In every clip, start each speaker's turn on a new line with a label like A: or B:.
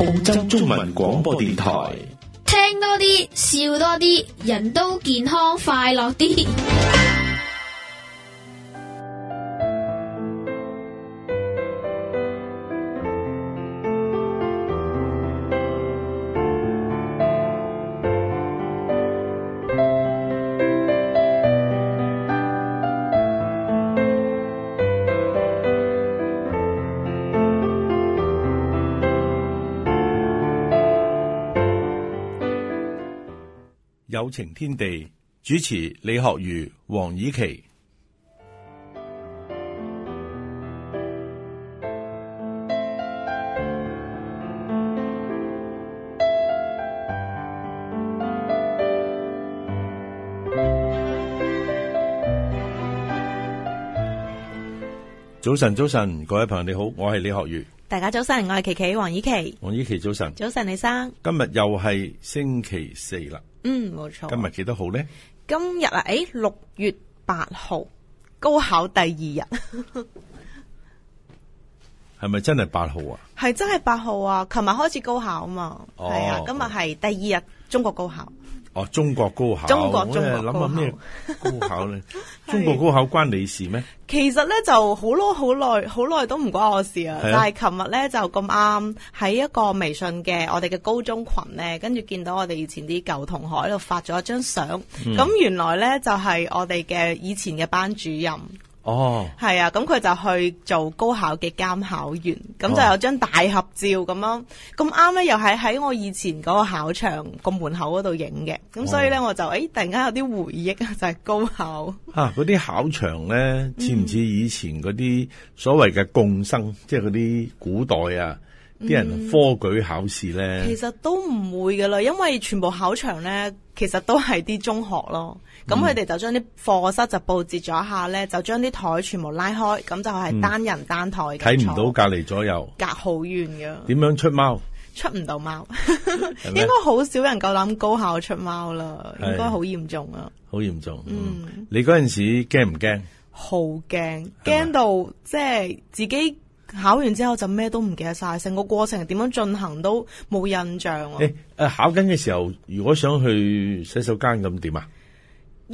A: 澳洲中文廣播電台，
B: 聽多啲，笑多啲，人都健康快樂啲。
A: 有情天地主持李學儒、黃綺琪。早晨，早晨，各位朋友你好，我係李學儒。
B: 大家早晨，我係琪琪黃綺琪。
A: 黃綺琪早晨，
B: 早晨李生。
A: 今日又係星期四啦。嗯，冇錯。今日幾多號咧？
B: 今日啊，誒、哎，六月八號，高考第二日。
A: 係 咪真係八號啊？
B: 係真係八號啊！琴日開始高考啊嘛，係、哦、啊，今日係第二日、哦、中國高考。
A: 哦，中國高考，諗下咩高考咧？中國高考 是關你事咩？
B: 其實咧，就好多好耐，好耐都唔關我事啊。但係琴日咧就咁啱喺一個微信嘅我哋嘅高中群咧，跟住見到我哋以前啲舊同學喺度發咗一張相，咁、嗯、原來咧就係、是、我哋嘅以前嘅班主任。哦，係啊，咁佢就去做高考嘅監考員，咁就有張大合照咁樣，咁啱咧又係喺我以前嗰個考場個門口嗰度影嘅，咁所以咧、哦、我就誒、哎、突然間有啲回憶、就係、啊，就係高考
A: 吓，嗰啲考場咧似唔似以前嗰啲所謂嘅貢生，嗯、即係嗰啲古代啊，
B: 啲人科
A: 舉考試咧、嗯，其
B: 實都唔會噶啦，因為全部考場咧其實都係啲中學咯。咁佢哋就將啲課室就布置咗下咧，就將啲台全部拉開，咁就係單人單台睇唔到
A: 隔籬左右，
B: 隔好遠嘅。
A: 點樣出貓？
B: 出唔到貓，嗎 應該好少人夠膽高考出貓啦。是應該好嚴重啊，好嚴重。嗯，
A: 你嗰陣時驚唔驚？
B: 好驚，驚到嗎即係自己考完之後就咩都唔記得晒，成個過程點樣進行都冇印象、啊。誒誒、
A: 欸，考緊嘅時候如果想去洗手間咁點啊？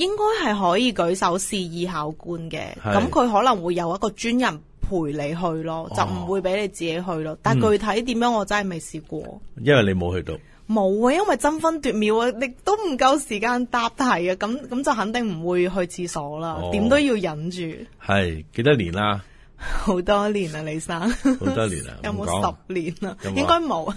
B: 應該係可以舉手示意考官嘅，咁佢可能會有一個專人陪你去咯，就唔會俾你自己去咯。但具體點樣，我真係未試過。
A: 因為你冇去到，
B: 冇啊，因為爭分奪秒啊，你都唔夠時間答題啊，咁咁就肯定唔會去廁所啦，點都要忍住。
A: 係幾多年啦？
B: 好多年啊，李生，好多年啊，有冇十年啊？應該冇，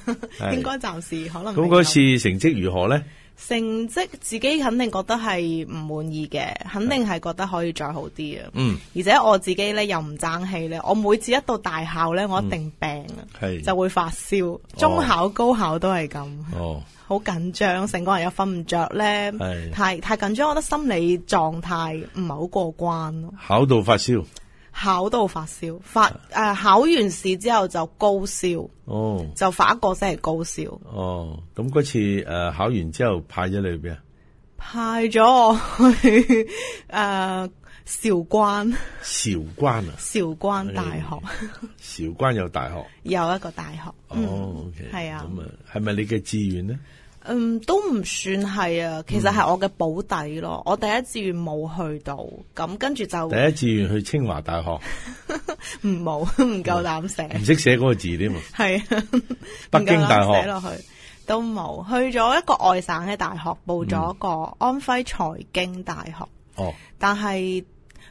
B: 應該暫時可能。嗰
A: 次成績如何咧？
B: 成績自己肯定覺得係唔滿意嘅，肯定係覺得可以再好啲啊。嗯的，而且我自己咧又唔爭氣咧，我每次一到大考咧，我一定病啊，嗯、係、就會發燒。中考、高考都係咁，哦，好緊張，成個人又瞓唔着咧，係、太太緊張，我覺得心理狀態唔係好過關咯。
A: 考到發燒。
B: 考到發燒，發誒、呃、考完試之後就高燒，哦，就發一個星期高燒，
A: 哦，咁嗰次誒、呃、考完之後派咗你去邊啊？
B: 派咗我去誒韶、呃、關，
A: 韶關啊，韶關大
B: 學，
A: 韶、okay, 關有大學，
B: 有一個大學，哦，係、okay, 嗯、
A: okay, 啊，咁啊係咪你嘅志願咧？
B: 嗯，都唔算係啊，其實係我嘅保底咯。我第一志願冇去到，咁跟住就第一
A: 志願去清華大學，
B: 唔，冇， 唔夠膽寫，唔識
A: 寫嗰個字添嘛。
B: 係啊，北京大學寫落去都冇，去咗一個外省嘅大學，報咗個安徽財經大學。哦，但係。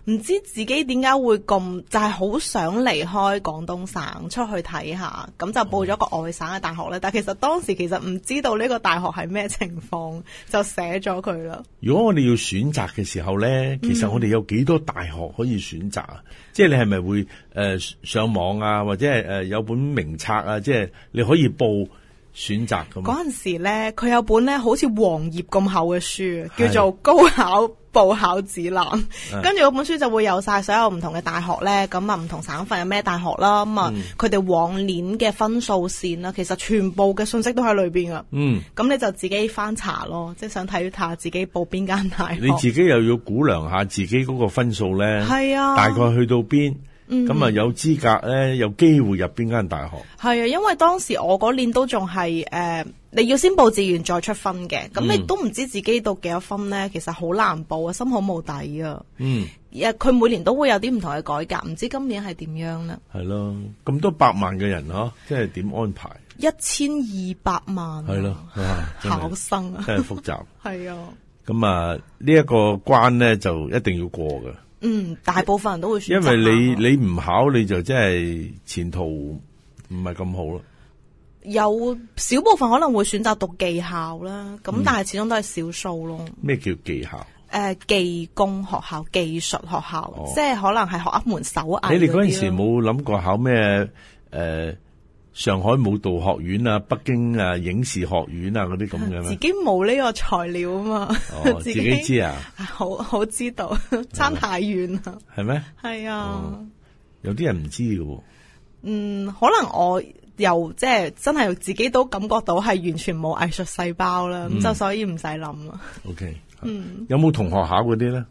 B: 唔知自己點解會咁就係、是、好想離開廣東省出去睇下，咁就報咗個外省嘅大學咧。哦、但係其實當時其實唔知道呢個大學係咩情況，就寫咗佢啦。
A: 如果我哋要選擇嘅時候咧，其實我哋有幾多大學可以選擇啊？嗯、即係你係咪會誒上網啊，或者係誒有本名冊啊？即係你可以報選擇咁。嗰陣
B: 時咧，佢有本咧好似黃頁咁厚嘅書，叫做高考報考指南，跟住嗰本書就會有曬所有唔同嘅大學咧，咁啊唔同省份有咩大學啦，咁啊佢哋往年嘅分數線啦，其實全部嘅信息都喺裏邊噶。嗯，咁你就自己翻查咯，即係想睇下自己報邊間大學，你自
A: 己又要估量下自己嗰個分數咧，係啊，大概去到邊。咁啊、嗯、有資格咧，有機會入邊間大學？
B: 係啊，因為當時我嗰年都仲係誒，你要先報志願再出分嘅，咁、嗯、你都唔知自己讀幾多分咧，其實好難報啊，心好冇底啊。
A: 嗯，
B: 佢每年都會有啲唔同嘅改革，唔知今年係點樣呢？
A: 係咯、啊，咁多百萬嘅人嗬、啊，即係點安排？一
B: 千二百
A: 萬係、啊、咯，考、啊、生啊，真係複雜，係 啊。咁啊，呢、這、一個關咧就一定要過嘅。
B: 嗯，大部分人都會選擇，因為你
A: 你唔考你就真係前途唔係咁好咯。
B: 有小部分可能會選擇讀技校啦，咁、嗯、但係始終都係少數咯。
A: 咩叫技校？
B: 誒、呃，技工學校、技術學校，哦、即係可能係學一門手藝。你哋嗰陣時
A: 冇諗過考咩？誒、呃。上海舞蹈學院啊，北京啊影視學院啊，啲咁嘅，自己
B: 冇呢個材料啊嘛，哦、自,己自己知啊，好好知道，哦、差太遠嗎啊，係咩？係啊，
A: 有啲人唔知嘅
B: 喎、哦，嗯，可能我又即係、就是、真係自己都感覺到係完全冇藝術細胞啦，咁就、嗯、所以唔使諗啦。O K，嗯，okay，嗯，
A: 有冇同學考嗰啲咧？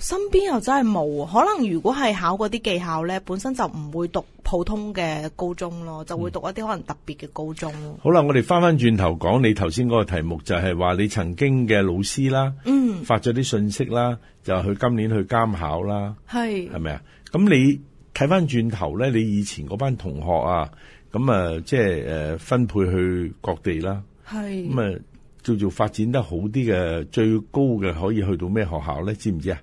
B: 身邊又真係冇，可能如果係考嗰啲技校咧，本身就唔會讀普通嘅高中咯，就會讀一啲可能特別嘅高中，嗯。
A: 好啦，我哋翻翻轉頭講你頭先嗰個題目，就係話你曾經嘅老師啦，嗯，發咗啲信息啦，就去今年去監考啦，係，係咪啊？咁你睇翻轉頭咧，你以前嗰班同學啊，咁啊，即係誒分配去各地啦，係，咁啊叫做發展得好啲嘅，最高嘅可以去到咩學校咧？知唔知啊？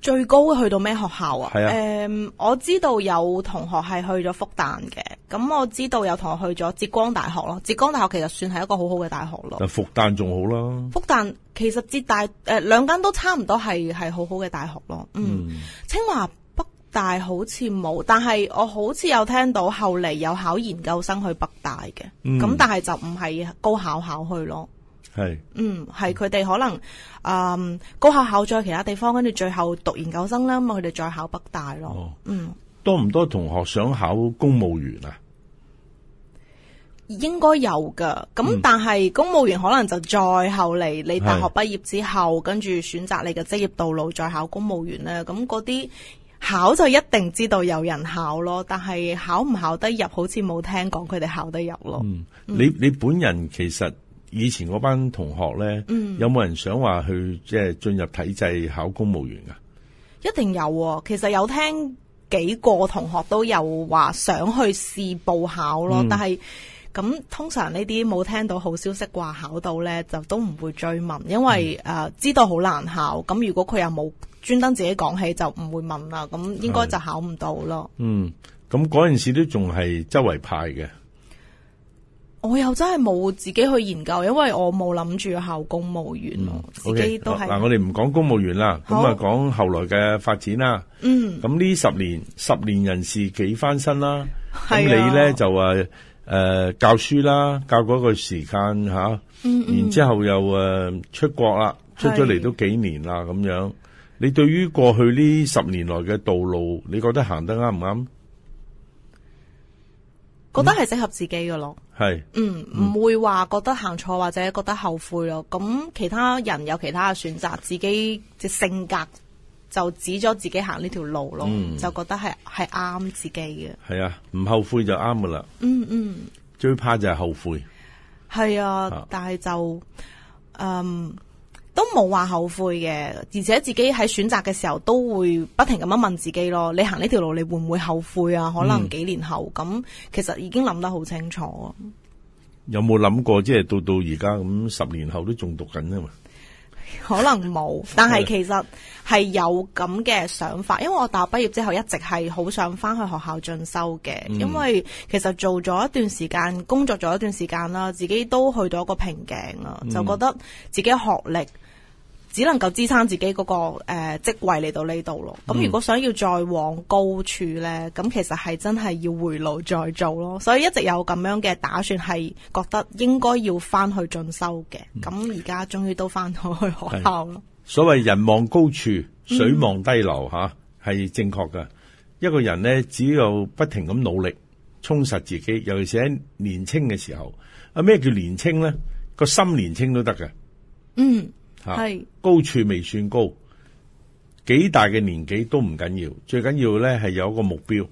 B: 最高去到咩學校啊？是啊、嗯？我知道有同學係去咗復旦嘅，咁、嗯、我知道有同學去咗浙江大學咯。浙江大學其實算係一個好好嘅大學咯。
A: 復旦仲好啦。復
B: 旦其實浙大、呃、兩間都差唔多，係好好嘅大學咯。嗯，嗯，清華、北大好似冇，但係我好似有聽到後嚟有考研究生去北大嘅，咁、嗯、但係就唔係高考考去咯。係是、嗯，嗯，係佢哋可能，誒，高考考咗其他地方，跟住最後讀研究生啦，咁佢哋再考北大咯。哦、嗯，
A: 多唔多同學想考公務員啊？
B: 應該有噶，咁但係公務員可能就再後嚟，你大學畢業之後，跟住是選擇你嘅職業道路，再考公務員咧。咁嗰啲考就一定知道有人考咯，但係考唔考得入，好似冇聽講佢哋考得入咯。
A: 嗯，你你本人其實。以前嗰班同學咧，有冇人想話去即係進入體制考公務員啊、嗯，一
B: 定有，其實有聽幾個同學都有話想去試報考咯。嗯、但係咁通常呢啲冇聽到好消息話考到咧就都唔會追問，因為誒、嗯啊、知道好難考。咁如果佢又冇專登自己講起，就唔會問啦。咁應該就考唔到咯。嗯，
A: 咁嗰陣時都仲係周圍派嘅。
B: 我又真係冇自己去研究，因為我冇諗住考公務員，嗯、自己 okay，都係是嗱、啊。我
A: 哋唔講公務員啦，咁啊講後來嘅發展啦。嗯，咁呢十年十年人事幾翻身啦？咁、啊、你咧就誒誒、呃、教書啦，教嗰個時間吓，啊、嗯嗯然後之後又誒出國啦，出咗嚟都幾年啦咁是樣。你對於過去呢十年來嘅道路，你覺得行得啱唔啱？
B: 覺得係適合自己噶咯，係是，嗯，唔、嗯、會話覺得行錯或者覺得後悔咯。咁其他人有其他嘅選擇，自己嘅性格就指咗自己行呢條路咯，嗯、就覺得係係啱自己嘅。
A: 係啊，唔後悔就啱噶啦。嗯嗯，最怕就係後悔。
B: 係啊，好但係就，嗯。都冇話後悔嘅，而且自己喺選擇嘅時候都會不停咁樣問自己咯。你行呢條路你會唔會後悔啊？可能幾年後咁、嗯，其實已經諗得好清楚。
A: 有冇諗過即係到到而家咁十年後都仲讀緊啊嘛？
B: 可能冇， 但係其實係有咁嘅想法。因為我大學畢業之後一直係好想翻去學校進修嘅，嗯、因為其實做咗一段時間工作，做咗一段時間啦，自己都去到一個瓶頸啦，嗯、就覺得自己學歷。只能夠支撐自己嗰個誒職位嚟到呢度咯。咁如果想要再往高處咧，咁其實係真係要回路再做咯。所以一直有咁樣嘅打算，係覺得應該要翻去進修嘅。咁而家終於都翻到去學校咯。
A: 所謂人望高處，水望低流，吓係、嗯、正確㗎。一個人咧，只要不停咁努力，充實自己，尤其是喺年輕嘅時候啊。咩叫年輕呢？個心年輕都得嘅，嗯。係是高處未算高，幾大嘅年紀都唔緊要，最緊要咧係有一個目標。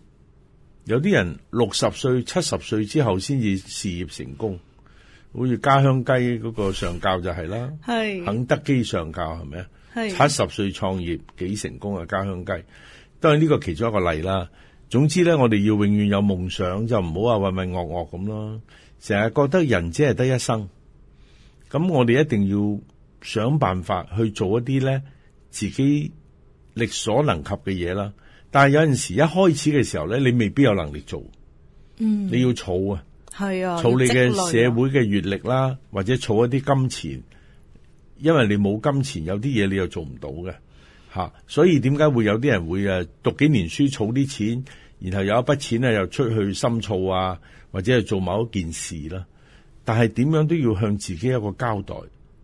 A: 有啲人六十歲、七十歲之後先至事業成功，好似家鄉雞嗰個上教就係啦，係是肯德基上教係咪啊？係七十歲創業幾成功啊！家鄉雞，當然呢個其中一個例啦。總之咧，我哋要永遠有夢想，就唔好話渾渾噩噩咁咯。成日覺得人只係得一生，咁我哋一定要。想辦法去做一啲咧，自己力所能及嘅嘢啦。但係有陣時，一開始嘅時候咧，你未必有能力做。嗯，
C: 你要儲啊，係啊，儲你嘅社
A: 會嘅閱歷啦，或者儲一啲金錢，因為你冇金錢，有啲嘢你又做唔到嘅吓。所以點解會有啲人會誒讀幾年書，儲啲錢，然後有一筆錢咧又出去深造啊，或者係做某一件事啦。但係點樣都要向自己一個交代，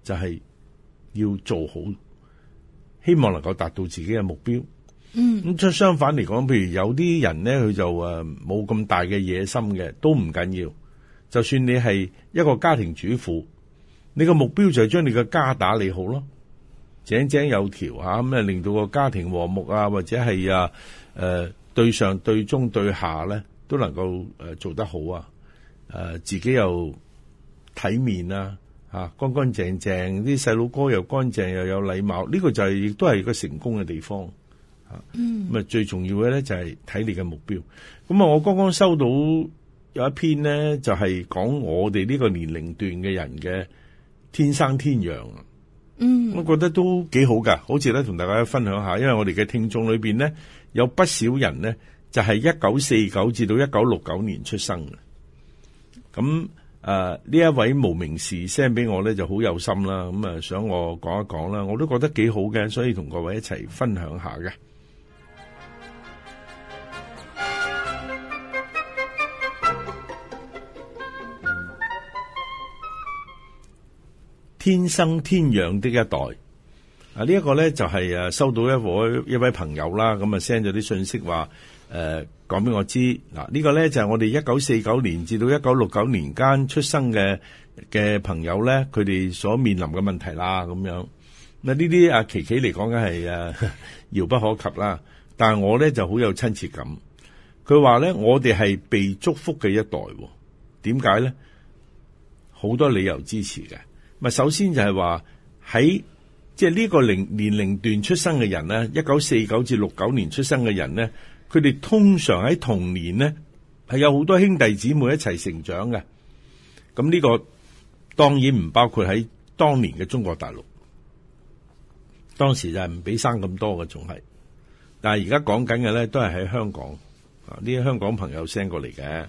A: 就係、是。要做好，希望能夠達到自己嘅目標。嗯，咁即相反嚟講，譬如有啲人咧，佢就誒冇咁大嘅野心嘅，都唔緊要，要。就算你係一個家庭主婦，你個目標就係將你嘅家打理好咯，井井有條啊，咁啊令到個家庭和睦啊，或者係啊誒對上對中對下咧都能夠誒做得好啊，誒自己又體面啊。吓，乾乾淨淨啲細佬哥又乾淨又有禮貌，呢個就係亦都係個成功嘅地方嚇。咁啊、嗯，最重要嘅咧就係睇你嘅目標。咁啊，我剛剛收到有一篇呢，就係、是、講我哋呢個年齡段嘅人嘅天生天養啊。嗯，我覺得都幾好噶。好似咧，同大家分享下，因為我哋嘅聽眾裏面呢，有不少人呢，就係一九四九至到一九六九年出生嘅。咁誒呢一位無名氏 send 俾我咧，就好有心啦，咁啊想我講一講啦，我都覺得幾好嘅，所以同各位一齊分享下嘅。天生天養的一代啊，呢一個咧就係誒收到一位一位朋友啦，咁啊 send 咗啲信息話誒。講俾我知嗱，呢個呢就係我哋一九四九年至到一九六九年間出生嘅嘅朋友呢，佢哋所面臨嘅問題啦，咁樣嗱，呢啲阿琪琪嚟講，梗係誒遙不可及啦。但係我呢就好有親切感。佢話呢，我哋係被祝福嘅一代，點解呢？好多理由支持嘅。咪首先就係話喺即係呢個齡年齡段出生嘅人呢，一九四九至六九年出生嘅人呢。佢哋通常喺童年呢，係有好多兄弟姊妹一齊成長嘅。咁呢個當然唔包括喺當年嘅中國大陸，當時就係唔俾生咁多嘅，仲係。但係而家講緊嘅呢，都係喺香港。啊，呢啲香港朋友 send 過嚟嘅。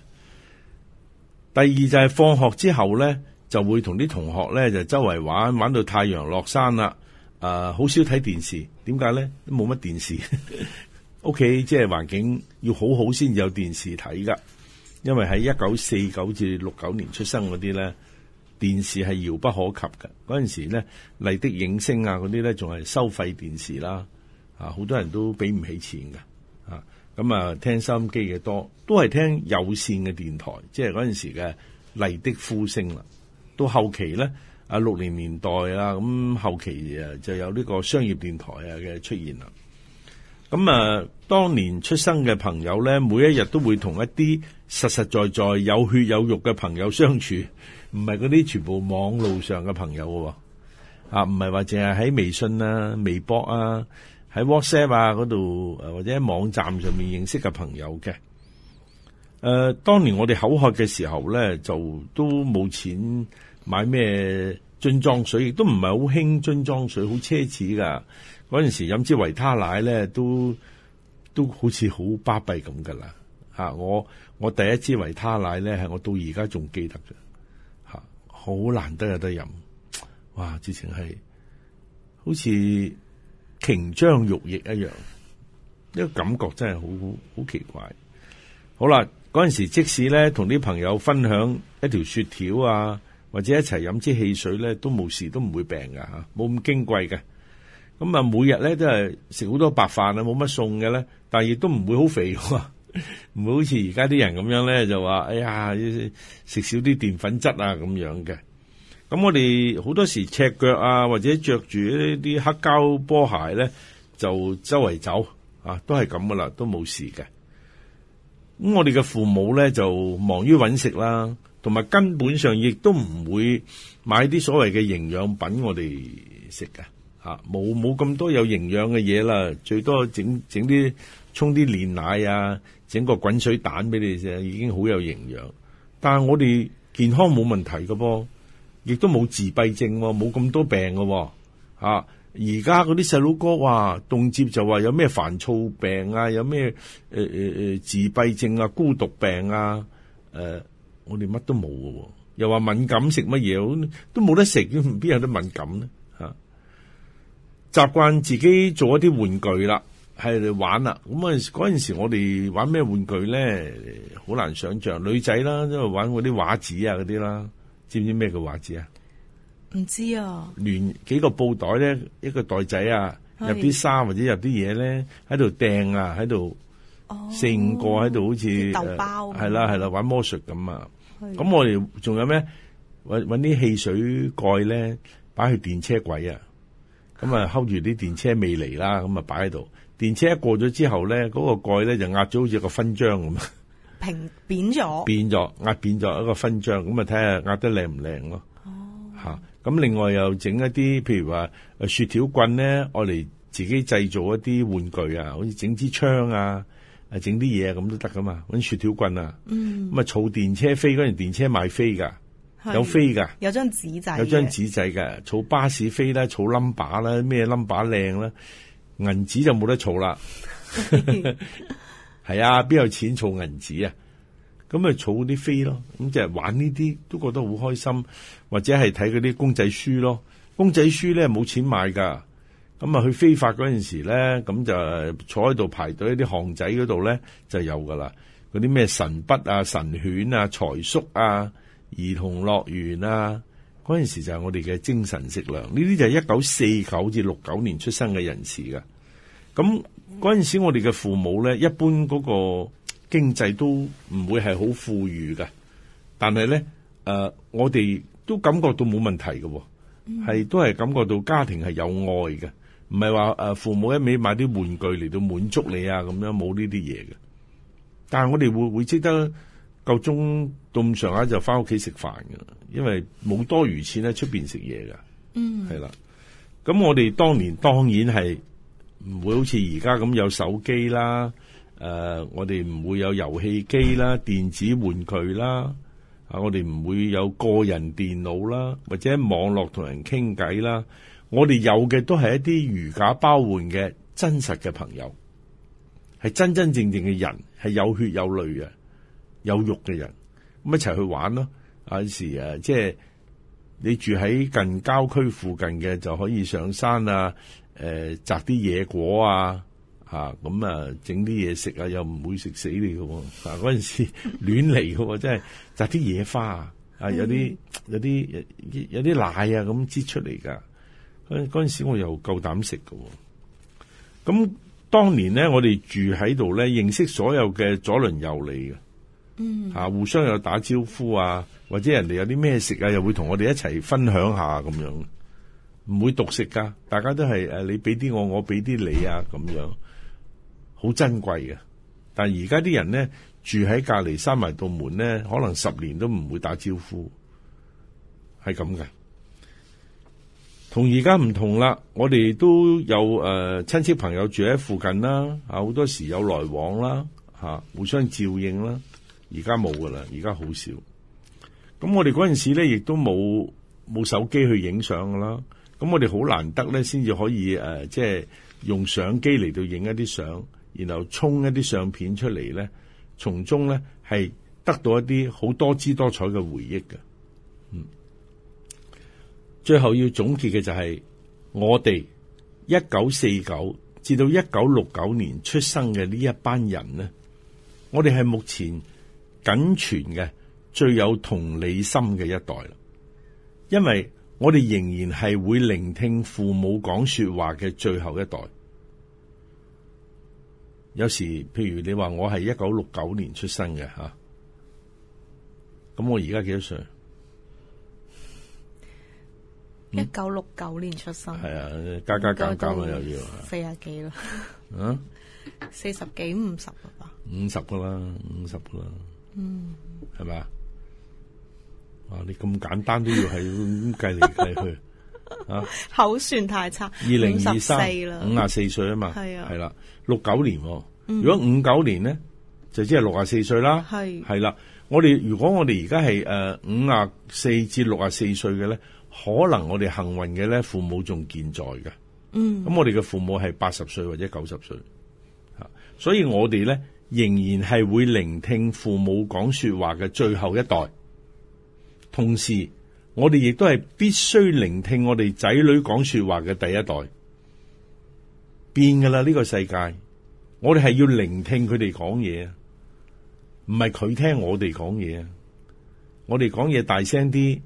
A: 第二就係放學之後呢，就會同啲同學呢，就周圍玩，玩到太陽落山啦。啊、呃，好少睇電視，點解呢？都冇乜電視。 屋企即係環境要好好先至有電視睇㗎，因為喺一九四九至六九年出生嗰啲咧，電視係遙不可及㗎。嗰陣時咧，麗的影聲啊嗰啲咧，仲係收費電視啦，啊好多人都俾唔起錢㗎，啊咁啊聽收音機嘅多，都係聽有線嘅電台，即係嗰陣時嘅麗的呼聲啦。到後期咧，啊六零年代啊咁後期誒就有呢個商業電台啊嘅出現啦。咁、嗯、啊，當年出生嘅朋友咧，每一日都會同一啲實實在在有血有肉嘅朋友相處，唔係嗰啲全部網路上嘅朋友嘅，啊，唔係話淨係喺微信啊、微博啊、喺 WhatsApp 啊嗰度、啊，或者喺網站上面認識嘅朋友嘅。誒、啊，當年我哋口渴嘅時候咧，就都冇錢買咩樽裝水，亦都唔係好興樽裝水，好奢侈噶。嗰陣時飲支維他奶咧，都都好似好巴閉咁噶啦吓！我我第一支維他奶咧，係我到而家仲記得嘅吓，好難得有得飲，哇！之前係好似瓊漿玉液一樣，呢、這個感覺真係好好好奇怪。好啦，嗰陣時即使咧同啲朋友分享一條雪條啊，或者一齊飲支汽水咧，都冇事，都唔會病噶吓，冇、啊、咁矜貴嘅。咁啊，每日咧都係食好多白飯啊，冇乜餸嘅咧，但係亦都唔會好肥，唔會好似而家啲人咁樣咧就話哎呀，食少啲澱粉質啊咁樣嘅。咁我哋好多時赤腳啊，或者着住呢啲黑膠波鞋咧，就周圍走啊，都係咁噶啦，都冇事嘅。咁我哋嘅父母咧就忙於搵食啦，同埋根本上亦都唔會買啲所謂嘅營養品我哋食嘅。啊！冇冇咁多有營養嘅嘢啦，最多整整啲沖啲煉奶啊，整個滾水蛋俾你啫，已經好有營養。但係我哋健康冇問題㗎噃，亦都冇自閉症喎，冇咁多病㗎喎。而家嗰啲細佬哥話，動輒就話有咩煩躁病啊，有咩、呃呃、自閉症啊、孤獨病啊，呃、我哋乜都冇㗎喎，又話敏感食乜嘢，都冇得食，唔邊有得敏感呢？習慣自己做一啲玩具啦，係嚟玩啦。咁啊嗰陣時，我哋玩咩玩具咧？好難想象。女仔啦，因為玩嗰啲畫紙啊，嗰啲啦。知唔知咩叫畫紙啊？
B: 唔知啊。
A: 連幾個布袋咧，一個袋仔啊，入啲衫或者入啲嘢咧，喺度掟啊，喺度。哦。四五,五個喺度，好似豆包、啊。係啦係啦，玩魔術咁啊。咁是的 我哋仲有咩？搵啲汽水蓋咧，擺去電車軌啊。咁啊，hold 住啲電車未嚟啦，咁啊擺喺度。電車一過咗之後咧，嗰、嗰個蓋咧就壓咗好似個勳章咁
B: 平扁咗，
A: 扁咗壓扁咗一個勳章。咁啊睇下壓得靚唔靚咯。哦、oh。啊，咁另外又整一啲，譬如話雪條棍咧，我嚟自己製造一啲玩具啊，好似整支槍啊，整啲嘢咁都得噶嘛。啲雪條棍啊，咁啊儲電車飛，嗰陣電車買飛㗎。有飛噶，
B: 有張紙仔噶，有張紙
A: 仔嘅，儲巴士飛啦，儲 number 啦，咩 number 靚啦，銀紙就冇得儲啦。係 啊，邊有錢儲銀紙啊？咁咪儲啲飛咯。咁即係玩呢啲都覺得好開心，或者係睇嗰啲公仔書咯。公仔書咧冇錢買噶，咁啊去飛髮嗰陣時咧，咁就坐喺度排隊啲巷仔嗰度咧就有噶啦。嗰啲咩神筆啊、神犬啊、財叔啊。兒童樂園啊！嗰陣時就係我哋嘅精神食糧，呢啲就係一九四九至六九年出生嘅人士嘅。咁嗰陣時，我哋嘅父母咧，一般嗰個經濟都唔會係好富裕嘅，但係咧，誒，我哋都感覺到冇問題嘅，係都係感覺到家庭係有愛嘅，唔係話誒父母一味買啲玩具嚟到滿足你啊咁樣，冇呢啲嘢嘅。但係我哋會會積得夠鐘。到咁上下就翻屋企食飯噶啦，因為冇多餘錢喺出邊食嘢噶，嗯，係啦。咁我哋當年當然係唔會好似而家咁有手機啦，誒，我哋唔會有遊戲機啦、電子玩具啦，啊，我哋唔會有個人電腦啦，或者網絡同人傾偈啦。我哋有嘅都係一啲如假包換嘅真實嘅朋友，係真真正正嘅人，係有血有淚嘅有肉嘅人。咁一齊去玩咯！有時誒，即係你住喺近郊區附近嘅，就可以上山啊，誒、呃、摘啲野果啊，咁啊，整啲嘢食啊，食又唔會食死你㗎喎！嗰、啊、陣時 亂嚟㗎喎，真係摘啲野花、嗯、啊，有啲有啲有啲有啲奶啊咁擠出嚟㗎。嗰陣時我又夠膽食㗎喎。咁當年咧，我哋住喺度咧，認識所有嘅左鄰右里嘅。嗯，吓、啊、互相有打招呼啊，或者人哋有啲咩食啊，又會同我哋一齊分享下咁樣，唔會獨食噶。大家都係誒、啊，你俾啲我，我俾啲你啊，咁樣好珍貴嘅。但係而家啲人咧住喺隔籬，閂埋道門咧，可能十年都唔會打招呼，係咁嘅。同而家唔同啦，我哋都有誒、呃、親戚朋友住喺附近啦，啊好多時有來往啦，吓、啊、互相照應啦。而家冇噶啦，而家好少。咁我哋嗰陣時咧，亦都冇冇手機去影相噶啦。咁我哋好難得咧，先至可以誒，即係用相機嚟到影一啲相，然後沖一啲相片出嚟咧，從中咧係得到一啲好多姿多彩嘅回憶嘅。嗯，最後要總結嘅就係我哋一九四九至到一九六九年出生嘅呢一班人咧，我哋係目前，僅存嘅最有同理心嘅一代啦，因為我哋仍然係會聆聽父母講說話嘅最後一代。有時，譬如你話我係一九六九年出生嘅吓，咁、啊、我而家幾多歲？
B: 一九六九年出生，係、嗯、啊，加加減減啊，又要四啊幾啦，啊，四十幾五十啦，
A: 五十噶啦，五十噶啦。嗯，係咪啊？哇！你咁簡單都要係咁計嚟計去啊？
B: 口算太差，二零二三，五十
A: 四歲啊嘛，係啊，係啦，六九年。如果五九年咧，就即係六十四歲啦，係係啦。我哋如果我哋而家係誒五十四至六十四歲嘅咧，可能我哋幸運嘅咧，父母仲健在嘅。嗯，咁我哋嘅父母係八十歲或者九十歲啊，所以我哋咧。仍然係會聆聽父母講說話嘅最後一代，同時我哋亦都係必須聆聽我哋仔女講說話嘅第一代。變噶啦，呢個世界，我哋係要聆聽佢哋講嘢啊，唔係佢聽我哋講嘢啊。我哋講嘢大聲啲，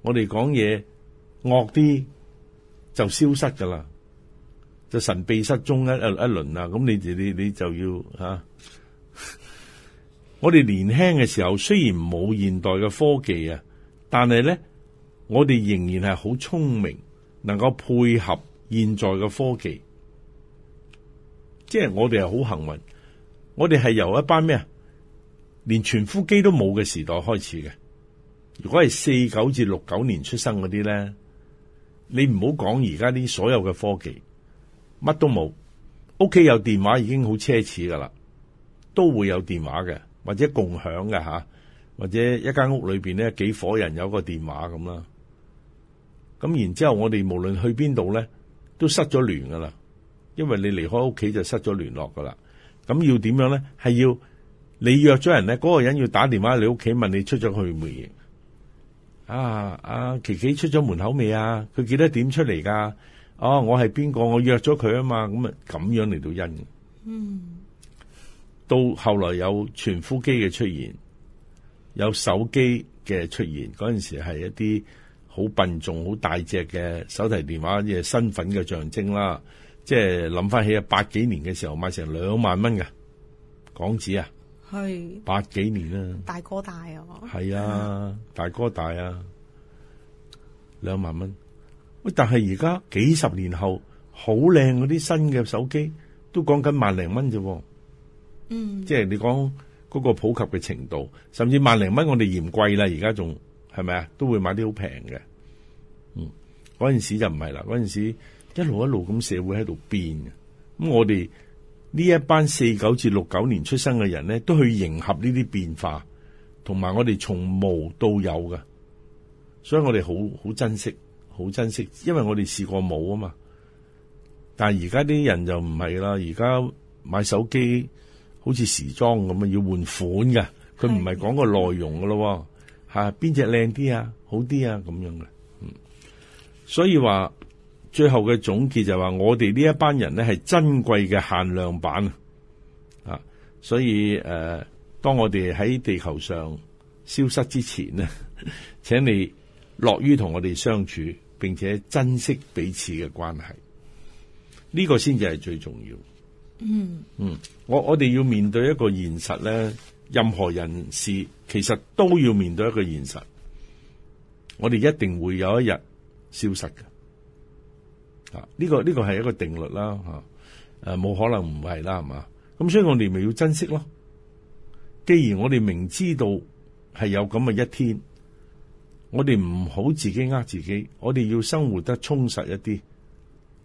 A: 我哋講嘢惡啲，就消失噶啦。就神秘失蹤一一一輪啊，咁你你你就要吓、啊。 我哋年輕嘅時候雖然冇現代嘅科技啊，但係咧，我哋仍然係好聰明，能夠配合現在嘅科技，即係我哋係好幸運。我哋係由一班咩啊，連傳呼機都冇嘅時代開始嘅。如果係四九至六九年出生嗰啲咧，你唔好講而家啲所有嘅科技。乜都冇，屋企有電話已經好奢侈噶啦，都會有電話嘅，或者共享嘅吓，或者一間屋裏邊咧，幾伙人有個電話咁啦。咁然之後我哋無論去邊度咧，都失咗聯噶啦，因為你離開屋企就失咗聯絡噶啦。咁要點樣咧？係要你約咗人咧，嗰個人要打電話你屋企問你出咗去未？啊，阿琪琪出咗門口未啊？佢記得點出嚟噶？哦、啊，我係邊個？我約咗佢啊嘛，咁啊咁樣嚟到印。嗯，到後來有傳呼機嘅出現，有手機嘅出現，嗰陣時係一啲好笨重、好大隻嘅手提電話，即係身份嘅象徵啦。即係諗翻起啊，八幾年嘅時候買成兩萬蚊㗎。港紙啊，
B: 係是
A: 八幾年啦、啊，
B: 大哥大啊，係
A: 啊，嗎大哥大啊，兩萬蚊。但係而家幾十年後，好靚嗰啲新嘅手機都講緊萬零蚊啫，嗯，即係你講嗰個普及嘅程度，甚至萬零蚊我哋嫌貴啦，而家仲係咪啊？都會買啲好平嘅，嗯，嗰陣時就唔係啦，嗰陣時一路一路咁社會喺度變，咁我哋呢一班四九至六九年出生嘅人咧，都去迎合呢啲變化，同埋我哋從無到有嘅，所以我哋好好珍惜。好珍惜，因為我哋試過冇啊嘛，但係而家啲人就唔係啦。而家買手機好似時裝咁啊，要換款㗎。佢唔係講個內容噶咯，吓，邊隻靚啲啊，好啲啊咁樣嘅。嗯，所以話最後嘅總結就係話，我哋呢一班人咧係珍貴嘅限量版啊，所以誒、呃，當我哋喺地球上消失之前咧，請你樂於同我哋相處。並且珍惜彼此嘅關係，呢、這個先至係最重要。嗯嗯，我我哋要面對一個現實咧，任何人士其實都要面對一個現實，我哋一定會有一日消失㗎。啊，呢、這個呢、這個係一個定律啦，吓、啊、誒，冇、啊、可能唔係啦，係嘛？咁所以我哋咪要珍惜咯。既然我哋明知道係有咁嘅一天。我哋唔好自己呃自己，我哋要生活得充實一啲，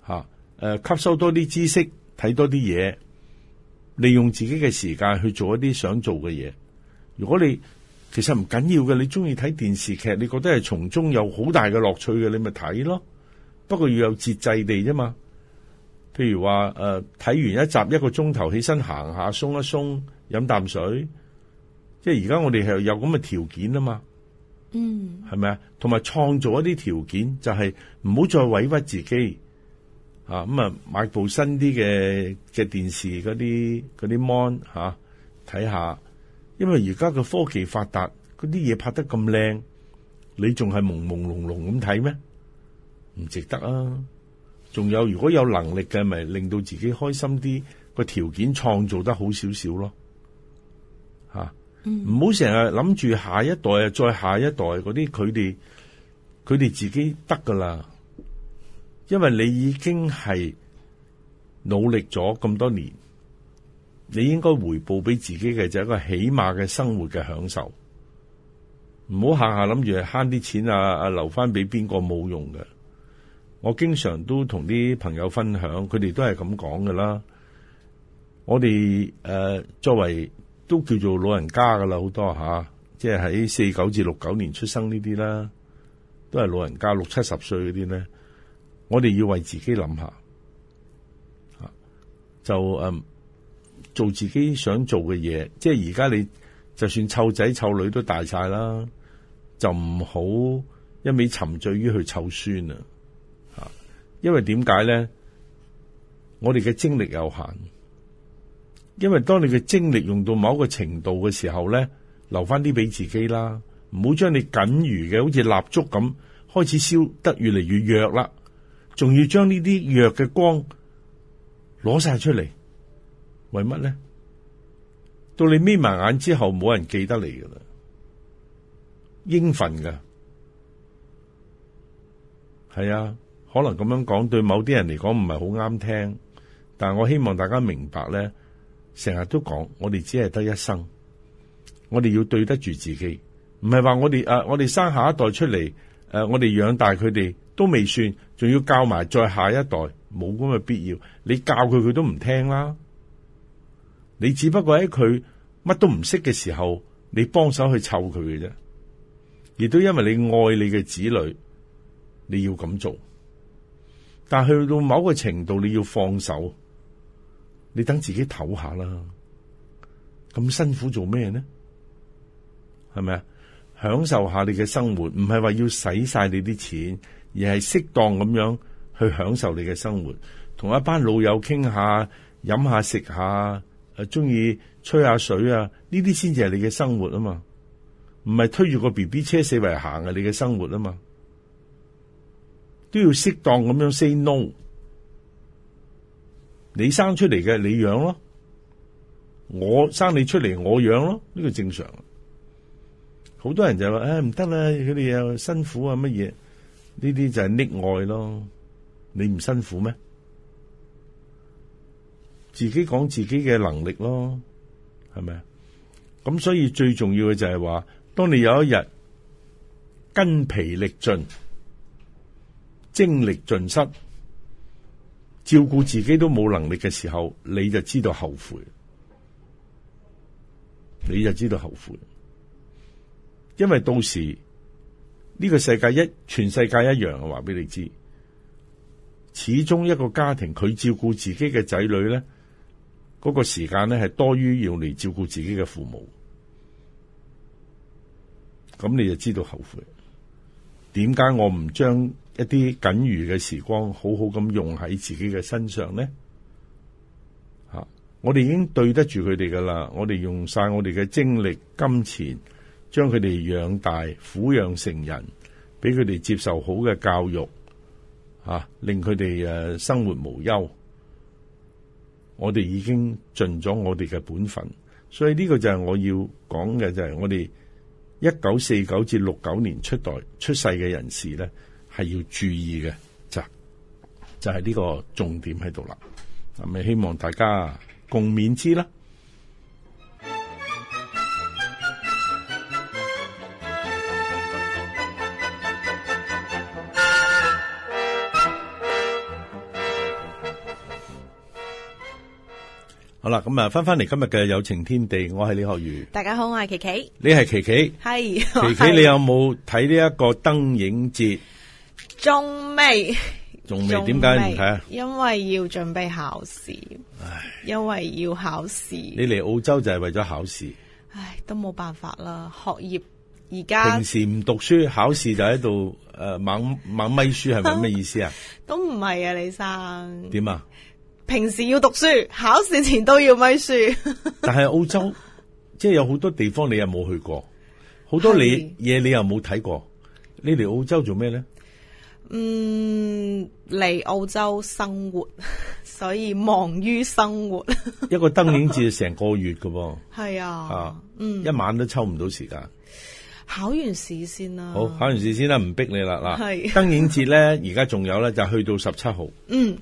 A: 吓、啊、誒、呃，吸收多啲知識，睇多啲嘢，利用自己嘅時間去做一啲想做嘅嘢。如果你其實唔緊要嘅，你中意睇電視劇，你覺得係從中有好大嘅樂趣嘅，你咪睇咯。不過要有節制地啫嘛。譬如話誒，呃、睇完一集一個鐘頭，起身行下，鬆一鬆，飲啖水。即係而家我哋係有咁嘅條件啊嘛。嗯，係咪啊？同埋創造一啲條件，就係唔好再委屈自己，啊，咁啊買部新啲嘅嘅電視嗰啲啲 mon 吓睇下，因為而家個科技發達，嗰啲嘢拍得咁靚，你仲係朦朦朧朧咁睇咩？唔值得啊！仲有如果有能力嘅，咪、就是、令到自己開心啲，個條件創造得好少少咯。唔好成日諗住下一代啊，再下一代嗰啲佢哋佢哋自己得噶啦，因為你已經係努力咗咁多年，你應該回報俾自己嘅就係一個起碼嘅生活嘅享受。唔好下下諗住慳啲錢啊，留翻俾邊個？冇用嘅。我經常都同啲朋友分享，佢哋都係咁講噶啦。我哋誒、呃、作為。都叫做老人家噶啦，好多吓、啊，即係喺四九至六九年出生呢啲啦，都係老人家六七十歲嗰啲咧，我哋要為自己諗下，吓、啊、就誒、啊、做自己想做嘅嘢，即係而家你就算湊仔湊女都大晒啦，就唔好一味沉醉於去湊孫啊，吓，因為點解咧？我哋嘅精力有限。因為當你嘅精力用到某個程度嘅時候咧，留翻啲俾自己啦，唔好將你緊餘嘅好似蠟燭咁開始燒得越嚟越弱啦，仲要將呢啲弱嘅光攞晒出嚟，為乜咧？到你眯埋眼之後，冇人記得你噶啦，應份噶係啊。可能咁樣講對某啲人嚟講唔係好啱聽，但我希望大家明白咧。成日都講，我哋只係得一生，我哋要對得住自己，唔係話我哋誒、啊，我哋生下一代出嚟，誒、啊，我哋養大佢哋都未算，仲要教埋再下一代，冇咁嘅必要。你教佢佢都唔聽啦，你只不過喺佢乜都唔識嘅時候，你幫手去湊佢嘅啫，亦都因為你愛你嘅子女，你要咁做，但係去到某個程度你要放手。你等自己唞下啦，咁辛苦做咩呢？係咪啊？享受下你嘅生活，唔係話要使晒你啲錢，而係適當咁樣去享受你嘅生活，同一班老友傾下，飲下食下，誒，中意吹下水啊！呢啲先至係你嘅生活啊嘛，唔係推住個 BB 車四圍行啊你嘅生活啊嘛，都要適當咁樣 say no。你生出嚟嘅你養咯，我生你出嚟我養咯，呢個正常。好多人就話，誒唔得啦，佢哋又辛苦啊乜嘢？呢啲就係溺愛咯。你唔辛苦咩？自己講自己嘅能力咯，係咪啊？咁所以最重要嘅就係話，當你有一日筋疲力盡、精力盡失。照顧自己都冇能力嘅時候，你就知道後悔。你就知道後悔，因為到時呢個世界一全世界一樣啊！話俾你知，始終一個家庭佢照顧自己嘅仔女咧，嗰個時間咧係多於用嚟照顧自己嘅父母。咁你就知道後悔。點解我唔將？一啲僅餘嘅時光，好好咁用喺自己嘅身上呢吓，我哋已經對得住佢哋噶啦。我哋用晒我哋嘅精力、金錢，將佢哋養大、撫養成人，俾佢哋接受好嘅教育，啊、令佢哋誒生活無憂。我哋已經盡咗我哋嘅本分，所以呢個就係我要講嘅就係、是、我哋一九四九至六九年出代出世嘅人士咧。係要注意嘅，就是、就係、是、呢個重點喺度啦。咁咪希望大家共勉之啦。 好啦，咁啊，返返嚟今日嘅有情天地，我係李學儒。大
B: 家好，我係琪琪。
A: 你係琪琪，
B: 係琪琪。你有
A: 冇睇呢一個燈影節？
B: 仲未，
A: 仲未點解唔睇啊？為未
B: 因為要準備考試，唉因為要考試。
A: 你嚟澳洲就係為咗考試，
B: 唉，都冇辦法啦。學業而家平時
A: 唔讀書，考試就喺度誒猛猛咪書，係咪咩意思啊？
B: 都唔係啊，李生，點啊？平時要讀書，考試前都要咪書。
A: 但係澳洲 即係有好多地方你又冇去過，好多你嘢是你又冇睇過，你嚟澳洲做咩咧？
B: 嗯，嚟澳洲生活，所以忙於生活。
A: 一個燈影節成個月噶喎。係 啊，啊嗯，
B: 一
A: 晚都抽唔到時間。
B: 考完試先啦，好，
A: 考完試先啦，唔逼你啦嗱。係燈影節咧，而家仲有咧，就去到十七號。嗯，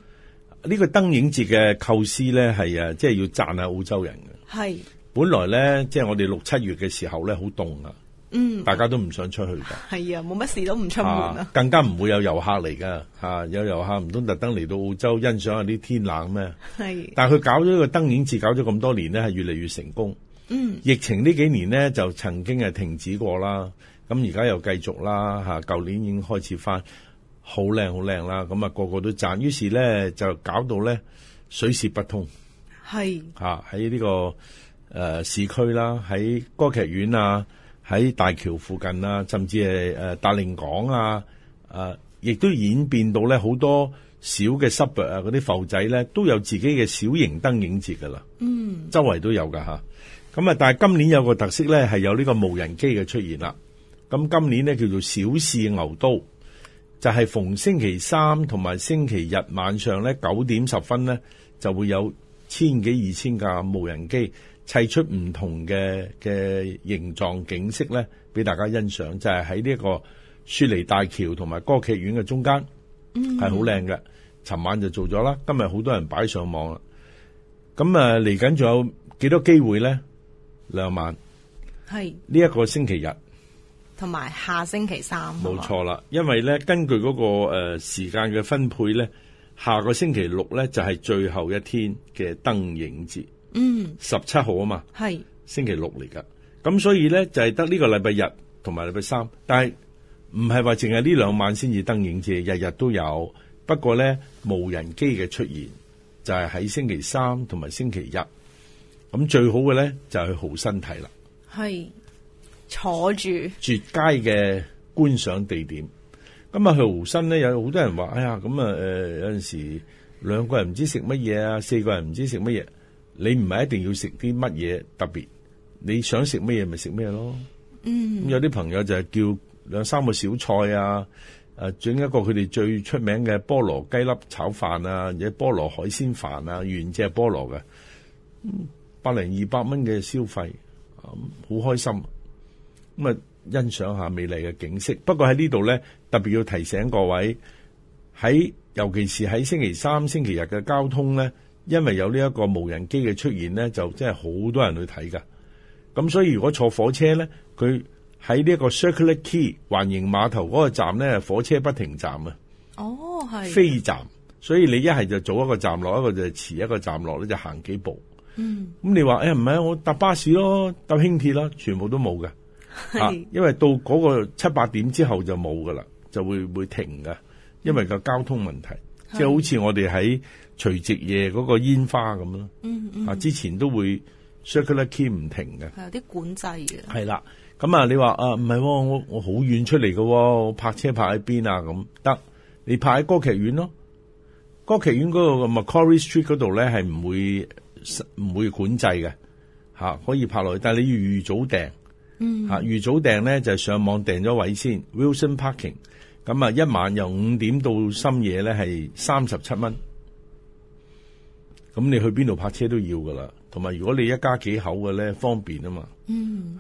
A: 呢個燈影節嘅構思咧，係啊，即係要讚下澳洲人嘅。係本來咧，即係我哋六七月嘅時候咧，好凍啊。嗯，大家都唔想出去噶，
B: 係啊，冇乜事都唔出門啦、啊，
A: 更加唔會有遊客嚟噶吓，有遊客唔通特登嚟到澳洲欣賞下啲天冷咩？係，但係佢搞咗個燈影節，搞咗咁多年咧，係越嚟越成功。嗯，疫情呢幾年咧就曾經係停止過啦，咁而家又繼續啦吓，舊、啊、年已經開始翻好靚好靚啦，咁、那、啊個個都讚，於是咧就搞到咧水泄不通。係吓喺呢個誒、呃、市區啦，喺歌劇院啊。喺大橋附近啊，甚至係大、呃、達靈港啊，亦、啊、都演變到咧好多小嘅 sub 啊，嗰啲浮仔咧都有自己嘅小型燈影節㗎啦。嗯，周圍都有噶吓咁啊，但係今年有個特色咧，係有呢個無人機嘅出現啦。咁今年咧叫做小試牛刀，就係、是、逢星期三同埋星期日晚上咧九點十分咧就會有千幾二千架無人機，砌出唔同嘅嘅形狀景色咧，俾大家欣賞，就係喺呢一個雪梨大橋同埋歌劇院嘅中間，
C: 係好靚
A: 嘅。尋、嗯、哼晚就做咗啦，今日好多人擺上網啦。咁啊，嚟緊仲有幾多機會咧？兩晚，係呢一個星期日，
B: 同埋下星期三，冇錯
A: 啦。吧因為咧，根據嗰、那個誒、呃、時間嘅分配咧，下個星期六咧就係、是、最後一天嘅燈影節。嗯，十七號啊嘛，係是星期六嚟噶，咁所以咧就係得呢個禮拜日同埋禮拜三，但係唔係話淨係呢兩晚先至登影節，日日都有。不過咧，無人機嘅出現就係、是、喺星期三同埋星期一。咁最好嘅咧就係、是、湖身睇啦，
B: 係坐住
A: 絕佳嘅觀賞地點。咁啊，去湖身咧有好多人話：哎呀，咁啊，誒、呃，有陣時兩個人唔知食乜嘢啊，四個人唔知食乜嘢。你唔係一定要食啲乜嘢特別，你想食咩嘢咪食咩咯？
C: 咁、嗯、有
A: 啲朋友就係叫兩三個小菜啊，誒、啊、整一個佢哋最出名嘅菠蘿雞粒炒飯啊，或者菠蘿海鮮飯啊，原隻係菠蘿嘅，百零二百蚊嘅消費，好、嗯、開心。咁啊，欣賞下美麗嘅景色。不過喺呢度咧，特別要提醒各位，喺尤其是喺星期三、星期日嘅交通咧。因為有呢一個無人機嘅出現咧，就真係好多人去睇噶。咁所以如果坐火車咧，佢喺呢一個 Circular Quay 環形碼頭嗰個站咧，火車不停站啊。哦，
C: 係。飛
A: 站，所以你一係就早一個站落，一個就遲一個站落咧就行幾步。嗯。咁、嗯、你話誒唔係，我搭巴士咯，搭輕鐵咯，全部都冇㗎的、啊。因為到嗰個七八點之後就冇噶啦，就會會停噶，因為個交通問題，嗯、即係好似我哋喺。除夕夜嗰個煙花咁咯，嗯嗯、啊之前都會 Circular Quay 唔停嘅，係
B: 有啲管制嘅。
A: 係啦，咁啊，你話、哦哦、啊，唔係我我好遠出嚟嘅喎，泊車泊喺邊啊？咁得你泊喺歌劇院咯，歌劇院嗰個咁 Macquarie Street 嗰度咧係唔會唔會管制嘅、啊、可以泊落去。但係你要預早訂，嗯啊、預早訂咧就係、上網訂咗位先。Wilson Parking 咁啊，一晚由五點到深夜咧係三十七蚊。咁你去邊度泊車都要噶啦，同埋如果你一家幾口嘅咧，方便啊嘛，吓咁、mm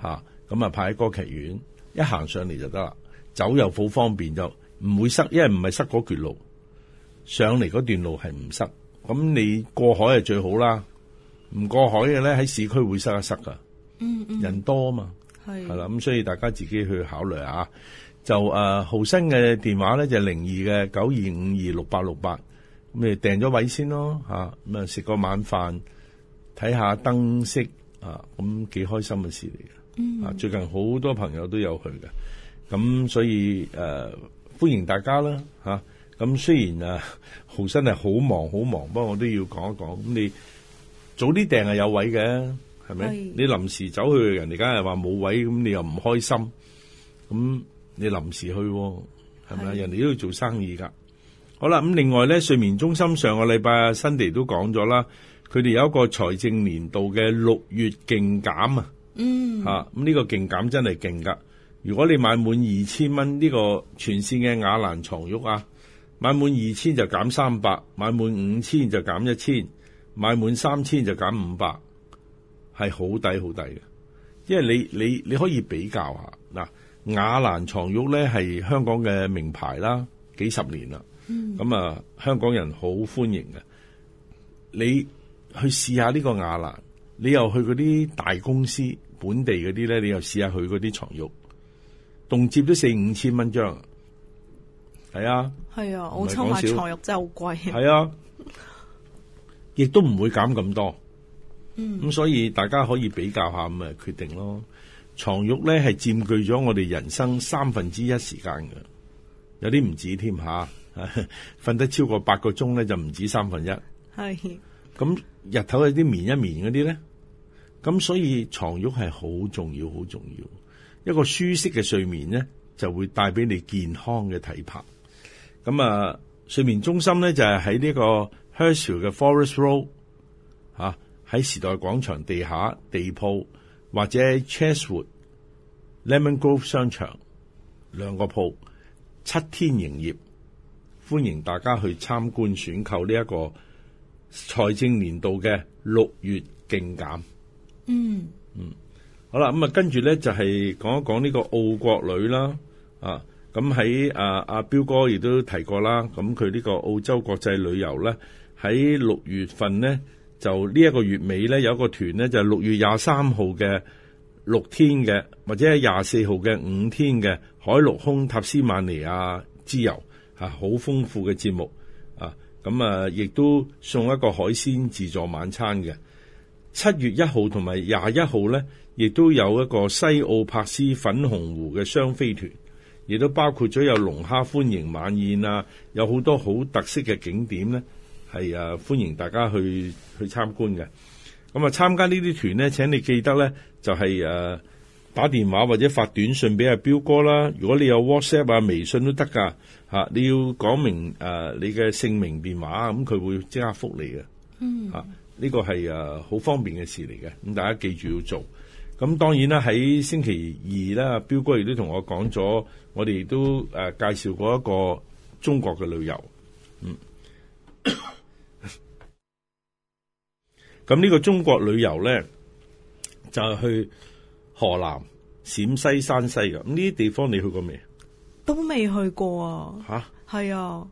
A: hmm. 啊，派喺歌劇院一行上嚟就得啦，走又好方便，就唔會塞，因為唔係塞嗰段路，上嚟嗰段路係唔塞。咁你過海係最好啦，唔過海嘅咧喺市區會塞一塞噶，mm
C: hmm. 人多啊嘛，係啦、mm，
A: 咁、hmm. 所以大家自己去考慮下，就啊，毫生嘅電話咧就零二嘅九二五二六八六八。咁咪訂咗位先咯，吓咁啊食個晚飯，睇下燈飾啊，咁幾開心嘅事嚟嘅。啊、嗯，最近好多朋友都有去嘅，咁所以誒、呃、歡迎大家啦，吓、啊、咁雖然啊豪生係好忙好忙，不過我都要講一講。咁你早啲訂係有位嘅，係咪？是你臨時走去人哋梗係話冇位，咁你又唔開心。咁你臨時去係咪啊？是人哋都要做生意噶。好啦，咁另外咧，睡眠中心上個禮拜新地都講咗啦，佢哋有一個財政年度嘅六月勁減啊，嗯，吓咁呢個勁減真係勁噶。如果你買滿二千蚊呢個全線嘅雅蘭床褥啊，買滿二千就減三百，買滿五千就減一千，買滿三千就減五百，係好抵好抵嘅。因為你你你可以比較下嗱，雅蘭床褥咧係香港嘅名牌啦，幾十年啦。咁、嗯、啊，香港人好歡迎嘅。你去試下呢個雅蘭，你又去嗰啲大公司本地嗰啲咧，你又試下佢嗰啲床褥，動輒都四五千蚊張。係啊，係啊，澳洲買床褥真係好貴。係啊，亦 都唔會減咁多。
B: 咁、嗯嗯、
A: 所以大家可以比較下咁啊，決定咯。床褥咧係佔據咗我哋人生三分之一時間嘅，有啲唔止添吓。瞓 得超過八個鐘咧，就唔止三分一。係咁的日頭有啲眠一眠嗰啲咧，咁所以床褥係好重要，好重要。一個舒適嘅睡眠咧，就會帶俾你健康嘅體魄。咁啊，睡眠中心咧就係喺呢個 Hurstville 嘅 Forest Road 吓、啊，喺時代廣場地下地鋪或者 Chatswood Lemon Grove 商場兩個鋪，七天營業。歡迎大家去參觀選購呢一個財政年度嘅六月勁減。嗯。嗯嗯，好啦，咁啊，跟住呢就係、是、講一講呢個澳國旅啦。啊，咁喺啊阿彪哥亦都提過啦。咁佢呢個澳洲國際旅遊呢，喺六月份呢，就呢一個月尾呢，有一個團呢就係六、是、月廿三號嘅六天嘅，或者係廿四號嘅五天嘅海陸空塔斯曼尼亞之遊。啊！好豐富嘅節目啊，咁啊，亦都送一個海鮮自助晚餐嘅七月一號同埋廿一號呢，亦都有一個西澳柏斯粉紅湖嘅雙飛團，亦都包括咗有龍蝦歡迎晚宴啊，有好多好特色嘅景點呢。係啊，歡迎大家去去參觀嘅。咁啊，參加呢啲團呢，請你記得呢，就係誒，啊，打電話或者發短信俾阿彪哥啦。如果你有 WhatsApp 啊、微信都得㗎。吓，你要講明誒你嘅姓名電話，咁佢會即刻覆你嘅。嚇、嗯，呢個係誒好方便嘅事嚟嘅，咁大家記住要做。咁當然啦，喺星期二啦，彪哥亦都同我講咗，我哋亦都誒介紹過一個中國嘅旅遊。嗯，咁呢 個中國旅遊咧，就係、是、去河南、陝西、山西嘅。咁呢啲地方你去過未？
B: 都未去過啊！吓係啊。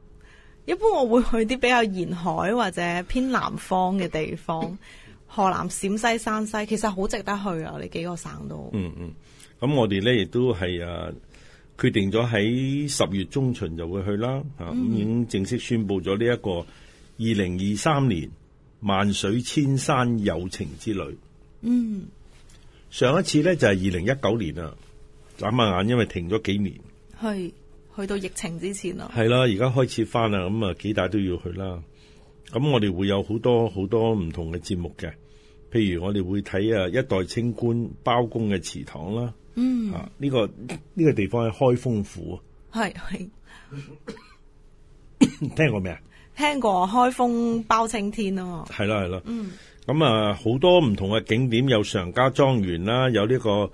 B: 一般我會去啲比較沿海或者偏南方嘅地方， 河南、陝西、山西其實好值得去啊！我哋幾個省都嗯
A: 嗯，咁、嗯、我哋咧亦都係啊決定咗喺十月中旬就會去啦。嚇、啊、咁、嗯、已經正式宣佈咗呢一個二零二三年萬水千山有情之旅。嗯，上一次咧就係二零一九年啦，眨下眼因為停咗幾年。
B: 去去到疫情之前咯，係
A: 啦，而家開始翻啦，咁啊幾大都要去啦。咁我哋會有好多好多唔同嘅節目嘅，譬如我哋會睇啊一代清官包公嘅祠堂啦，嗯，啊呢個呢個地方係開封府，
B: 係係
A: 聽過未啊？
B: 聽過開封包青天啊嘛，
A: 係啦係啦，是嗯，咁啊好多唔同嘅景點，有常家莊園啦，有呢個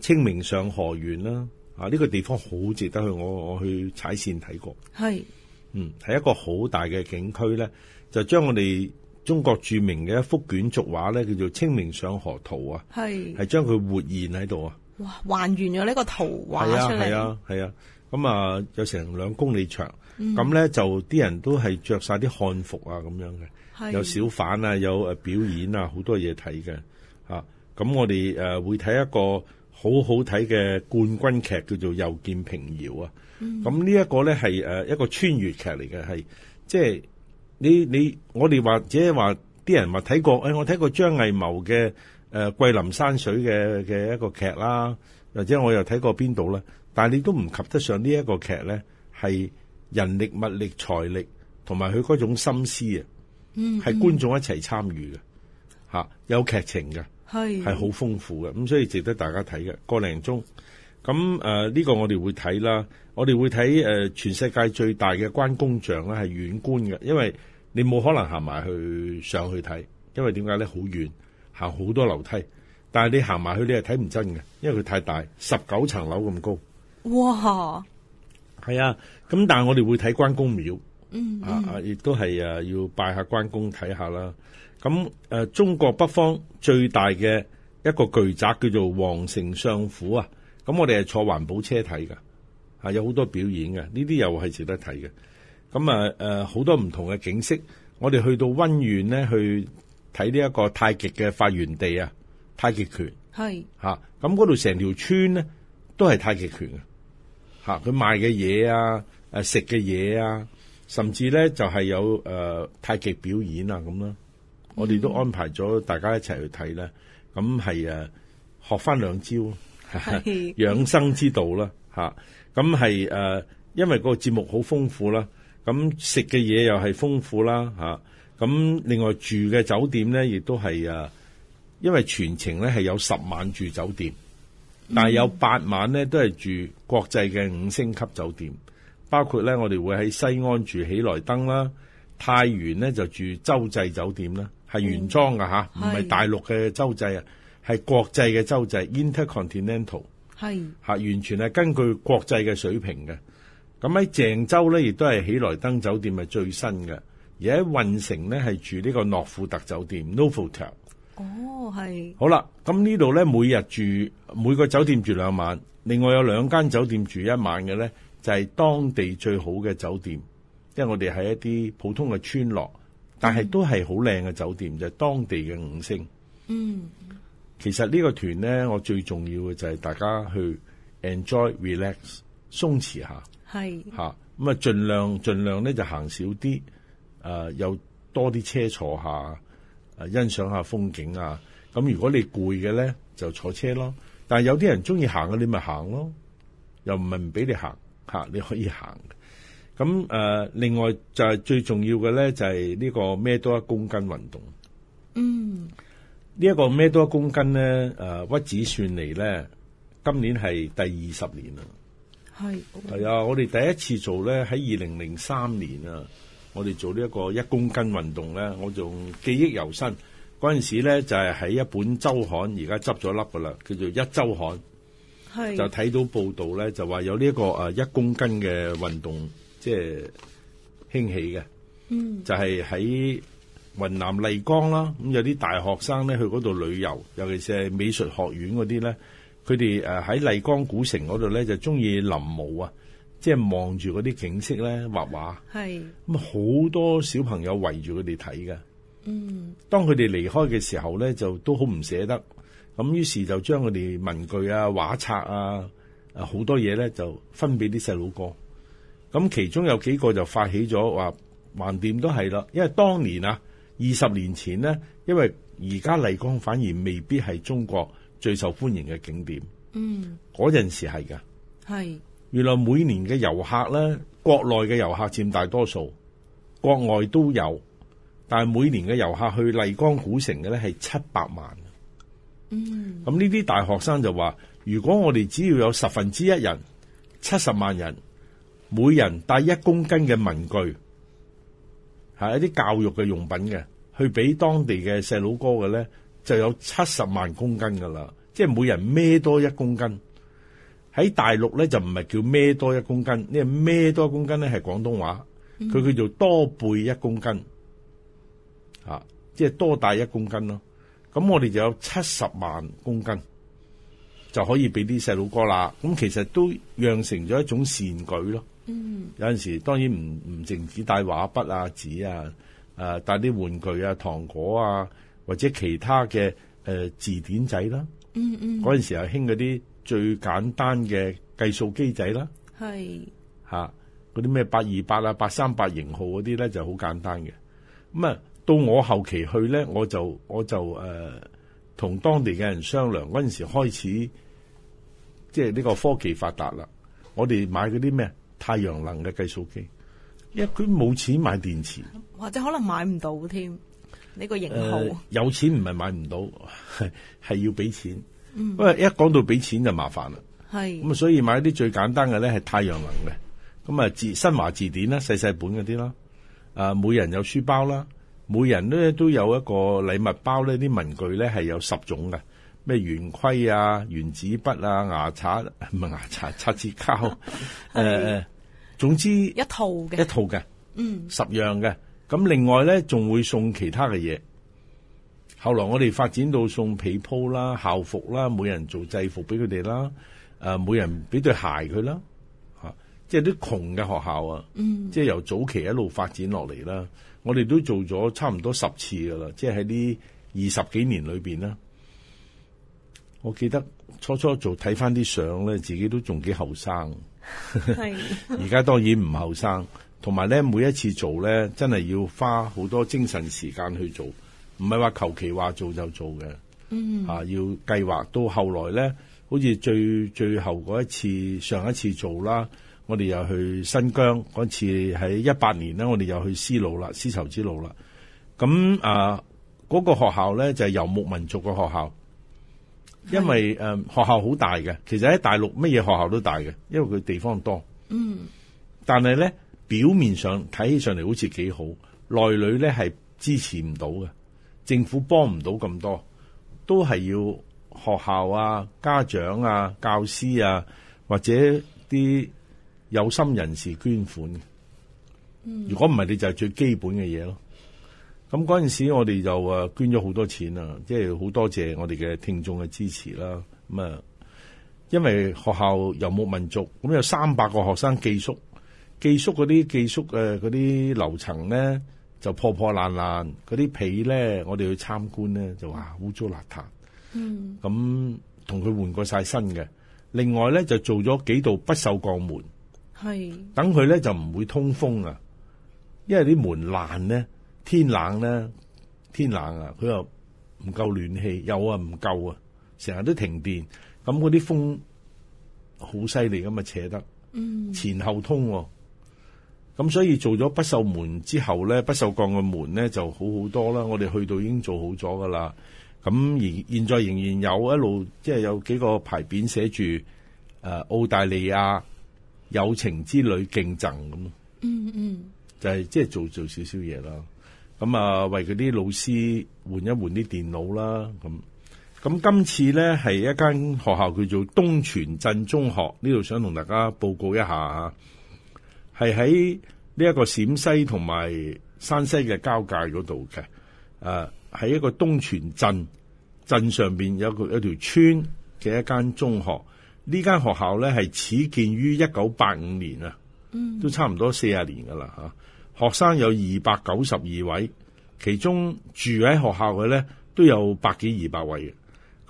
A: 清明上河園啦。啊！呢個地方好值得去，我我去踩線睇過。
C: 係是，
A: 嗯，係一個好大嘅景區咧，就將我哋中國著名嘅一幅卷軸畫咧，叫做《清明上河圖》啊。係是，係將佢活現喺度啊！
B: 哇！還原咗呢個圖畫出嚟。係啊，係啊，
A: 係啊！咁啊，有成兩公里長，咁咧、嗯、就啲人都係着晒啲漢服啊，咁樣嘅，
B: 是有小
A: 販啊，有誒表演啊，好多嘢睇嘅。嚇、啊！咁我哋、啊、會睇一個。好好睇嘅冠軍劇叫做《又見平遙》啊，咁呢一個咧係誒一個穿越劇嚟嘅，係即係你你我哋話，或者話啲人話睇過，誒、哎、我睇過張藝謀嘅誒桂林山水嘅嘅一個劇啦，或者我又睇過邊度啦，但係你都唔及得上呢一個劇咧，係人力物力財力同埋佢嗰種心思啊，嗯，
C: 係觀眾
A: 一齊參與嘅，吓有劇情嘅。係係好豐富嘅，咁所以值得大家睇嘅，個零鐘。咁誒呢個我哋會睇啦，我哋會睇誒、呃、全世界最大嘅關公像咧係遠觀嘅，因為你冇可能行埋去上去睇，因為點解咧，好遠，行好多樓梯，但係你行埋去你係睇唔真嘅，因為佢太大，十九層樓咁高。
B: 哇！
A: 係啊，咁但係我哋會睇關公廟，啊、嗯嗯、啊，亦都係啊要拜一下關公睇下啦。咁誒，中國北方最大嘅一個巨宅叫做皇城相府啊。咁我哋係坐環保車睇噶、啊，有好多表演嘅呢啲又係值得睇嘅。咁啊誒，好、啊、多唔同嘅景色。我哋去到溫縣咧，去睇呢一個太極嘅發源地啊，太極拳係吓，咁嗰度成條村咧都係太極拳啊。吓。佢賣嘅嘢啊，誒、啊啊、食嘅嘢啊，甚至咧就係、是、有誒、呃、太極表演啊，咁啦。我哋都安排咗大家一齊去睇啦。咁係啊學翻兩招養的 生之道啦，吓咁係誒，因為個節目好豐富啦，咁食嘅嘢又係豐富啦，吓咁另外住嘅酒店咧，亦都係啊，因為全程咧係有十晚住酒店，但係有八晚咧都係住國際嘅五星級酒店，包括咧我哋會喺西安住喜來登啦，太原咧就住洲際酒店啦。係原裝嘅嚇，唔係大陸嘅洲際，啊是，係國際嘅洲際 （Intercontinental） 是完全係根據國際嘅水平嘅。咁喺鄭州咧，亦都係喜來登酒店係最新嘅；而喺運城咧，係住呢個諾富特酒店 （Novotel）。哦 no，
C: 係、oh, 是。
A: 好啦，咁呢度咧，每日住每個酒店住兩晚，另外有兩間酒店住一晚嘅咧，就係、是、當地最好嘅酒店，因為我哋喺一啲普通嘅村落。但係都係好靚嘅酒店，就係、當地嘅五星。
C: 嗯，
A: 其實個呢個團咧，我最重要嘅就係大家去 enjoy、relax、鬆弛下，係吓咁啊，盡量盡量咧就行少啲，誒、啊、有多啲車坐下，誒、啊、欣賞下風景啊。咁、啊、如果你攰嘅咧，就坐車咯。但係有啲人中意行嘅，你咪行咯，又唔係唔俾你行吓、啊、你可以行。咁誒、呃，另外就係最重要嘅咧，就係、是、呢個咩多背一公斤運動。嗯，呢一個咩多背一公斤咧，誒、呃、屈指算嚟咧，今年係第二十年啦。
C: 係係啊，
A: 我哋第一次做咧，喺二零零三年啊，我哋做呢一個一公斤運動咧，我仲記憶猶新。嗰陣時咧，就係、是、喺一本周刊，而家執咗笠㗎喇，叫做《壹週刊》
C: 是，就
A: 睇到報道咧，就話有呢、這、一個、呃、一公斤嘅運動。即係興起嘅，嗯、就係喺雲南麗江啦。咁有啲大學生咧去嗰度旅遊，尤其是美術學院嗰啲咧，佢哋誒喺麗江古城嗰度咧就中意臨摹啊，即係望住嗰啲景色咧畫畫。係咁好多小朋友圍住佢哋睇嘅。嗯，當佢哋離開嘅時候咧，就都好唔捨得。咁於是就將佢哋文具啊、畫冊啊、啊好多嘢咧，就分俾啲細佬哥。咁其中有幾個就發起咗話，橫掂都係啦，因為當年啊，二十年前呢，因為而家麗江反而未必係中國最受歡迎嘅景點。嗯，嗰陣時係㗎，係原來每年嘅遊客呢，國內嘅遊客佔大多數，國外都有，但係每年嘅遊客去麗江古城嘅呢係七百萬。嗯，咁呢啲大學生就話，如果我哋只要有十分之一人，七十萬人。每人帶一公斤嘅文具，係一啲教育嘅用品嘅，去俾當地嘅細佬哥嘅咧，就有七十萬公斤噶啦，即係每人孭多一公斤。喺大陸咧就唔係叫孭多一公斤，呢個孭多一公斤咧係廣東話，佢叫做多背一公斤，吓，即係多帶一公斤咯。咁我哋就有七十萬公斤，就可以俾啲細佬哥啦。咁其實都釀成咗一種善舉咯。有陣時當然唔唔淨止帶畫筆啊、紙啊，誒帶啲玩具啊、糖果啊，或者其他嘅誒字典仔啦。嗯嗯。嗰陣時又興嗰啲最簡單嘅計數機仔啦。
C: 係。
A: 吓，嗰啲咩八二八啊、八三八型號嗰啲咧就好簡單嘅。咁啊，到我後期去咧，我就我就誒同當地嘅人商量。嗰陣時開始，即係呢個科技發達啦，我哋買嗰啲咩？太陽能嘅計數機，因為佢冇錢買電池，
B: 或者可能買唔到添呢、呢個型號。呃、
A: 有錢唔係買唔到，係係要俾錢。不過、嗯、一講到俾錢就麻煩啦。係咁啊，所以買啲最簡單嘅咧係太陽能嘅。咁啊字新華字典啦，細細本嗰啲啦。每人有書包啦，每人咧都有一個禮物包，呢啲文具咧係有十種嘅。咩圓規啊、原子筆啊、牙刷唔係牙刷、擦紙膠，誒，總之
B: 一套嘅、一套嘅，嗯，
A: 十樣嘅。咁另外咧，仲會送其他嘅嘢。後來我哋發展到送被鋪啦、校服啦，每人做制服俾佢哋啦，呃，每人俾對鞋佢啦。嚇、啊，即係啲窮嘅學校啊，嗯，即係由早期一路發展落嚟啦。我哋都做咗差唔多十次噶啦，即係喺呢二十幾年裏面啦。我記得初初做，睇返啲相咧，自己都仲幾後生。
C: 係。而
A: 家當然唔後生，同埋咧每一次做咧，真係要花好多精神時間去做，唔係話求其話做就做嘅。嗯。啊，要計劃。到後來咧，好似最最後嗰一次，上一次做啦，我哋又去新疆嗰次，喺一八年咧，我哋又去絲路啦，絲綢之路啦。咁啊，嗰個學校咧就係游牧民族嘅學校。因為誒、嗯、學校好大嘅，其實喺大陸乜嘢學校都大嘅，因為佢地方多。嗯。但係呢，表面上睇起上嚟好似幾好，內裏呢係支持唔到嘅，政府幫唔到咁多，都係要學校啊、家長啊、教師啊或者啲有心人士捐款。嗯。如果唔係，你就係最基本嘅嘢咯。咁嗰陣時，我哋就誒捐咗好多錢啊！即係好多謝我哋嘅聽眾嘅支持啦。咁啊，因為學校遊牧民族，咁有三百個學生寄宿，寄宿嗰啲寄宿誒嗰啲樓層咧就破破爛爛，嗰啲被咧，我哋去參觀咧就話污糟邋遢。骯
C: 髒骯
A: 髒，嗯，咁同佢換過晒新嘅。另外咧就做咗幾道不鏽鋼門，係等佢咧就唔會通風啊，因為啲門爛咧。天冷咧，天冷啊，佢又唔夠暖氣，有啊唔夠啊，成日都停電，咁嗰啲風好犀利咁啊扯得，嗯，前後通喎、啊，咁所以做咗不鏽門之後咧，不鏽鋼嘅門咧就好好多啦。我哋去到已經做好咗㗎啦，咁而現在仍然有一路即係、就是、有幾個牌匾寫住誒、呃、澳大利亞有情之旅敬贈咁嗯嗯，就係即係做做少少嘢啦。咁啊、嗯，為佢啲老師換一換啲電腦啦，咁、嗯、咁、嗯、今次咧係一間學校叫做東泉鎮中學，呢度想同大家報告一下，係喺呢一個陝西同埋山西嘅交界嗰度嘅，誒、啊，喺一個東泉鎮鎮上邊有一個有條村嘅一間中學，呢間學校咧係始建於一九八五年啊，嗯，
C: 都差
A: 唔多四十年噶啦吓。啊學生有二百九十二位，其中住喺學校嘅呢都有百幾二百位嘅。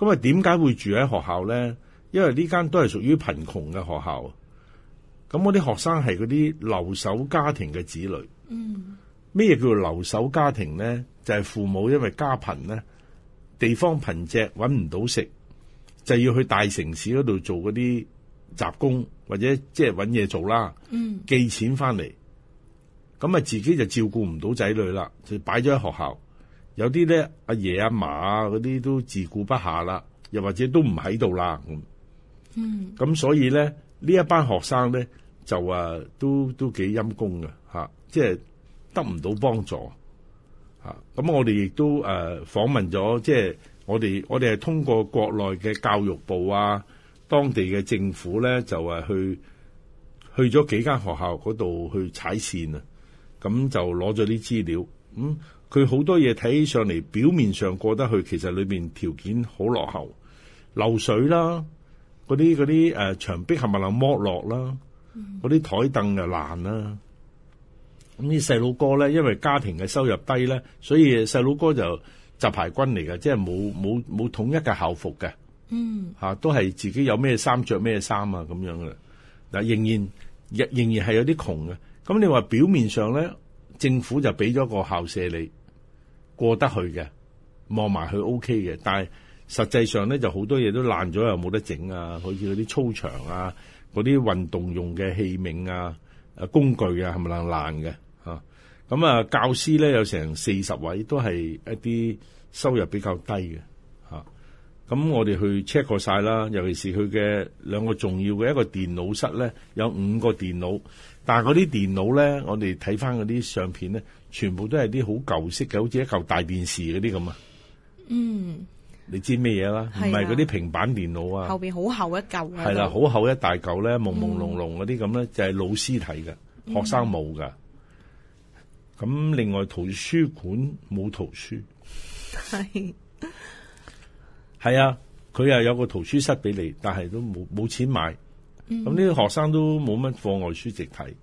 A: 咁啊，點解會住喺學校呢？因為呢間都係屬於貧窮嘅學校。咁嗰啲學生係嗰啲留守家庭嘅子女。嗯，咩嘢叫留守家庭呢？就係、是、父母因為家貧呢，地方貧瘠，揾唔到食，就要去大城市嗰度做嗰啲雜工或者即係揾嘢做啦。嗯，寄錢翻嚟。咁啊，自己就照顧唔到仔女啦，就擺咗喺學校。有啲咧，阿爺阿嫲啊，嗰啲都自顧不下啦，又或者都唔喺度啦。咁，嗯，咁所以咧，呢一班學生咧就啊，都都幾陰功嘅嚇，即係得唔到幫助嚇。咁我哋亦都誒訪問咗，即係我哋我哋係通過國內嘅教育部啊，當地嘅政府咧就係去去咗幾間學校嗰度去踩線啊。咁就攞咗啲資料，咁佢好多嘢睇起上嚟，表面上過得去，其實裏邊條件好落後，漏水啦，嗰啲嗰啲誒牆壁係咪能剝落啦？嗰啲枱凳又爛啦。咁啲細佬哥咧，因為家庭嘅收入低咧，所以細佬哥就雜牌軍嚟嘅，即係冇冇冇統一嘅校服嘅，
C: 嗯、
A: 啊，都係自己有咩衫着咩衫啊咁樣嘅。嗱，仍然仍仍然係有啲窮嘅。咁你話表面上咧，政府就俾咗個校舍你過得去嘅，望埋佢 OK 嘅，但係實際上咧就好多嘢都爛咗，又冇得整啊！好似嗰啲操場啊，嗰啲運動用嘅器皿啊、誒工具啊，係咪爛爛嘅？吓咁啊，教師咧有成四十位，都係一啲收入比較低嘅吓。咁、啊、我哋去 check 過晒啦，尤其是佢嘅兩個重要嘅一個電腦室咧，有五個電腦。但係嗰啲電腦咧，我哋睇翻嗰啲相片咧，全部都係啲好舊式嘅，好似一嚿大電視嗰啲咁啊。嗯，你知咩嘢啦？唔係嗰啲平板電腦啊。後邊
B: 好厚一嚿。係啦、啊，
A: 好厚一大嚿咧，朦朦朧朧嗰啲咁咧，嗯、就係老師睇嘅，學生冇噶。咁、嗯、另外圖書館冇圖書。係是。係 啊，佢又有個圖書室俾你，但係都冇冇錢買。咁呢啲學生都冇乜課外書籍睇，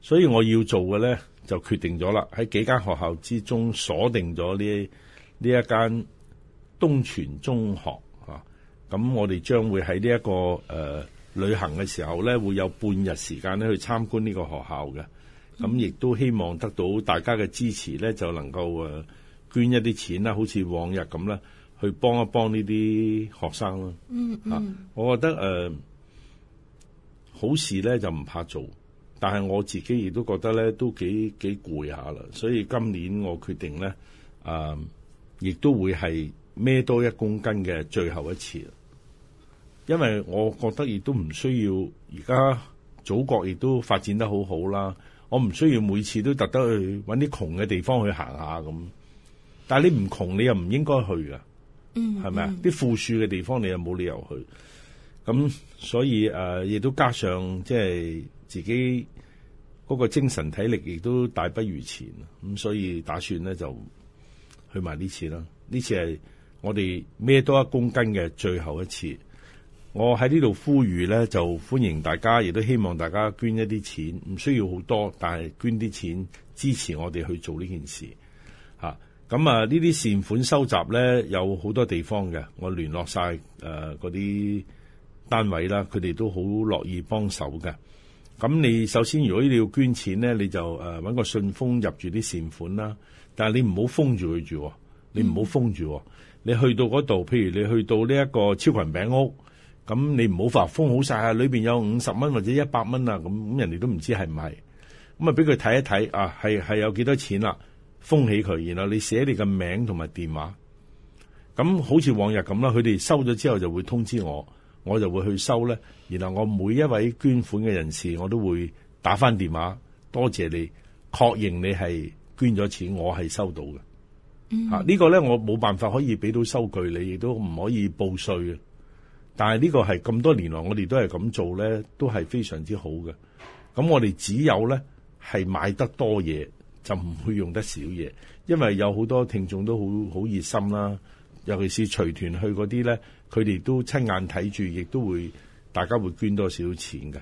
A: 所以我要做嘅咧就決定咗啦。喺幾間學校之中鎖定咗呢呢一間東泉中學嚇。咁、啊、我哋將會喺呢一個誒、呃、旅行嘅時候咧，會有半日時間咧去參觀呢個學校嘅。咁、啊、亦都希望得到大家嘅支持咧，就能夠誒捐一啲錢啦，好似往日咁啦，去幫一幫呢啲學生咯。嗯、啊，我覺得誒。呃好事咧就唔怕做，但係我自己亦都覺得咧都幾幾攰下啦，所以今年我決定咧，誒、嗯，亦都會係孭多一公斤嘅最後一次，因為我覺得亦都唔需要，而家祖國亦都發展得好好啦，我唔需要每次都特登去搵啲窮嘅地方去行下咁，但係你唔窮你又唔應該去㗎，嗯、嗯，
C: 係咪啊？啲
A: 富庶嘅地方你又冇理由去。咁、嗯、所以誒、呃，亦都加上即係自己嗰個精神體力，亦都大不如前。咁所以打算咧就去埋呢次啦。呢次係我哋孭多一公斤嘅最後一次。我喺呢度呼籲咧，就歡迎大家，亦都希望大家捐一啲錢，唔需要好多，但係捐啲錢支持我哋去做呢件事吓。咁啊，呢啲、啊、善款收集咧有好多地方嘅，我聯絡晒誒嗰啲。呃單位啦，佢哋都好樂意幫手嘅。咁你首先，如果你要捐錢咧，你就誒揾、呃、個信封入住啲善款啦。但係你唔好封住佢住，你唔好封住。嗯、你去到嗰度，譬如你去到呢一個超群餅屋，咁你唔好話封好晒，裏面有五十蚊或者一百蚊啊。咁咁人哋都唔知係唔係咁啊。俾佢睇一睇啊，係係有幾多錢啦？封起佢，然後你寫你嘅名同埋電話。咁好似往日咁啦，佢哋收咗之後就會通知我。我就會去收呢。然後我每一位捐款嘅人士，我都會打翻電話，多謝你，確認你係捐咗錢，我係收到嘅。嚇、嗯，呢、啊呢個呢，我冇辦法可以俾到收據你，你亦都唔可以報稅。但係呢個係咁多年來我哋都係咁做呢，都係非常之好嘅。咁我哋只有呢，係買得多嘢，就唔會用得少嘢，因為有好多聽眾都好好熱心啦，尤其是隨團去嗰啲呢。佢哋都親眼睇住，亦都會大家會捐多少錢嘅。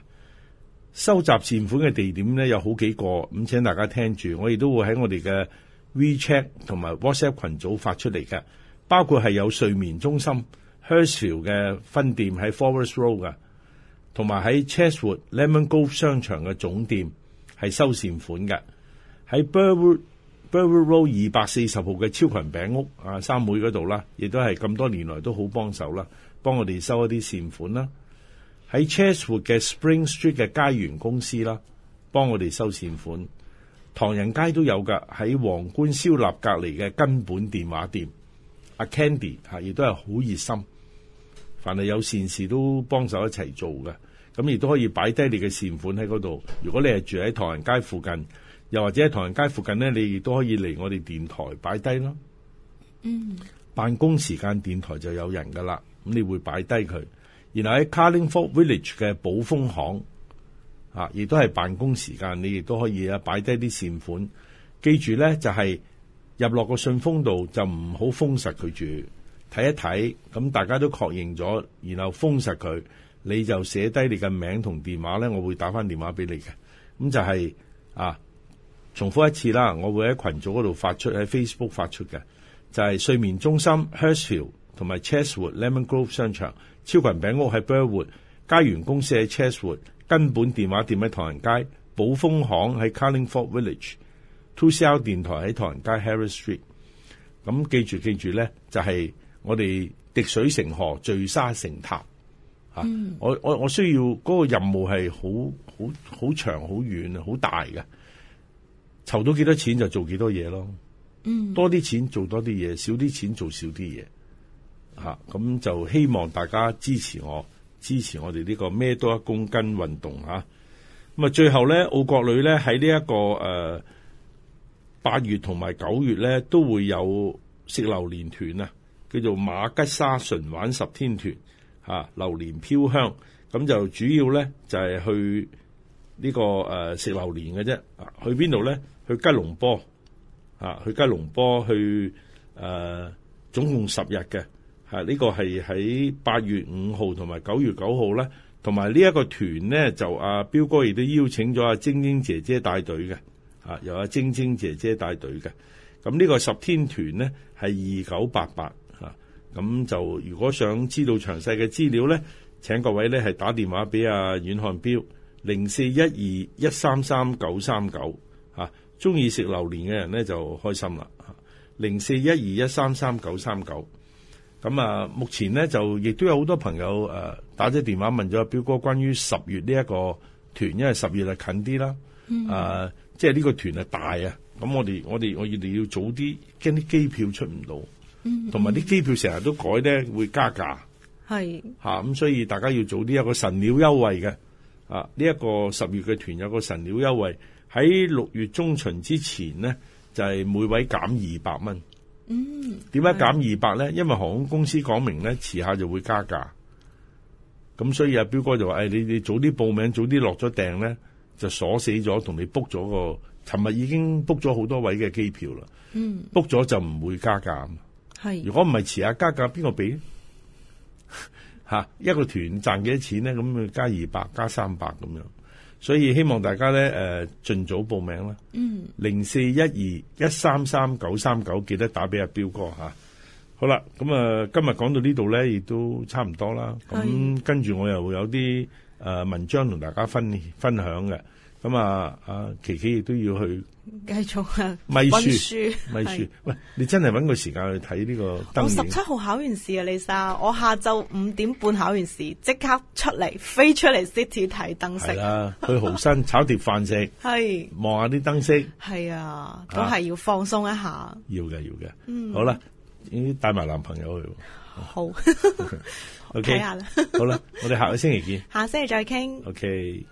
A: 收集善款嘅地點咧有好幾個，咁請大家聽住，我亦都會喺我哋嘅 WeChat 同埋 WhatsApp 群組發出嚟嘅，包括係有睡眠中心 Hurstville 嘅分店喺 Forest Road 嘅，同埋喺 Chatswood Lemon Grove 商場嘅總店係收善款嘅，喺 Burwood Burwood Road 二百四十號嘅超群餅屋啊，三妹嗰度啦，亦都係咁多年來都好幫手啦，幫我哋收一啲善款啦。喺 Chatswood 嘅 Spring Street 嘅佳源公司啦，幫我哋收善款。唐人街都有㗎，喺皇冠燒臘隔離嘅根本電話店，阿 Candy 吓亦都係好熱心，凡係有善事都幫手一齊做嘅。咁亦都可以擺低你嘅善款喺嗰度。如果你係住喺唐人街附近。又或者喺唐人街附近咧，你亦都可以嚟我哋電台擺低咯。嗯，辦公時間電台就有人噶啦，咁你會擺低佢。然後喺 Carlingford Village 嘅寶豐行啊，亦都係辦公時間，你亦都可以啊擺低啲善款。記住咧，就係入落個信封度就唔好封實佢住，睇一睇，咁大家都確認咗，然後封實佢，你就寫低你嘅名同電話咧，我會打翻電話俾你嘅。咁就係啊。重複一次啦，我會喺群組嗰度發出，喺 Facebook 發出嘅就係、是、睡眠中心 Hurstville 同埋 Chatswood Lemon Grove 商場超群餅屋喺 Burwood，佳源公司喺 Chatswood，根本電話店喺唐人街，寶豐行喺 Carlingford Village，Two C R 電台喺唐人街 Harris Street。咁記住記住咧，就係、是、我哋滴水成河，聚沙成塔、嗯、我我我需要嗰個任務係好好好長好遠好大嘅。籌到幾多錢就做幾多嘢咯，嗯，多啲錢做多啲嘢，少啲錢做少啲嘢，吓、啊、咁就希望大家支持我，支持我哋呢個孭多一公斤運動吓。咁啊，最後咧，澳國女咧喺呢一、這個誒八、呃、月同埋九月咧，都會有食榴蓮團啊，叫做馬吉沙純玩十天團，吓、啊、榴蓮飄香，咁就主要咧就係、是、去呢、這個誒、呃、食榴蓮嘅啫，去邊度咧？去吉隆坡啊！去吉隆坡去誒、呃，總共十、這個、日嘅係呢個係喺八月五號同埋九月九號啦。同埋呢一個團咧，就阿、啊、彪哥亦都邀請咗阿、啊、晶晶姐姐帶隊嘅啊，由阿、啊、晶晶姐姐帶隊嘅。咁呢個十天團咧係二九八八吓，咁、啊、就如果想知道詳細嘅資料咧，請各位咧係打電話俾阿阮漢彪零四一二一三三九三九。中意食榴蓮嘅人咧就開心啦，零四一二一三三九三九。咁啊，目前咧就亦都有好多朋友誒、啊、打咗電話問咗阿標哥關於十月呢一個團，因為十月係近啲啦，誒、啊，嗯、即係呢個團係大啊。咁我哋我哋我哋要早啲，驚啲機票出唔到，
C: 同埋啲
A: 機票成日都改咧，會加價。係吓是，咁、啊，所以大家要早啲有一個神鳥優惠嘅啊！呢、這、一個十月嘅團有個神鳥優惠。喺六月中旬之前咧，就係每位減二百蚊。嗯，點解減二百咧？的因為航空公司講明咧，遲下就會加價。咁所以阿表哥就話，誒，你你早啲報名，早啲落咗訂咧，就鎖死咗，同你 book 咗個，尋日已經 book 咗好多位嘅機票啦。嗯，book 咗就唔會加價。係的，如果唔係遲下加價，邊個俾？吓， 一個團賺幾多錢咧？咁加二百，加三百咁樣。所以希望大家咧，誒、啊，盡早報名啦。嗯，零四一二一三三九三九，記得打俾阿標哥吓、啊、好啦，咁啊，今日講到呢度咧，亦都差唔多啦。咁、嗯、跟住我又有啲誒、啊、文章同大家分，分，分享嘅。咁啊，阿琪琪亦都要去
B: 繼續啊，咪書，咪書。
A: 喂，你真係搵個時間去睇呢個燈。我十七號
B: 考完試啊，李生，我下晝五點半考完試，即刻出嚟，飛出嚟 City 睇燈飾。係
A: 去豪新炒碟飯食，係望下啲燈飾。
B: 係啊，都係要放鬆一下。
A: 要嘅，要嘅。嗯，好啦，你帶埋男朋友去。好，OK，好啦，我哋下個星期見，
B: 下星期再傾。
A: OK。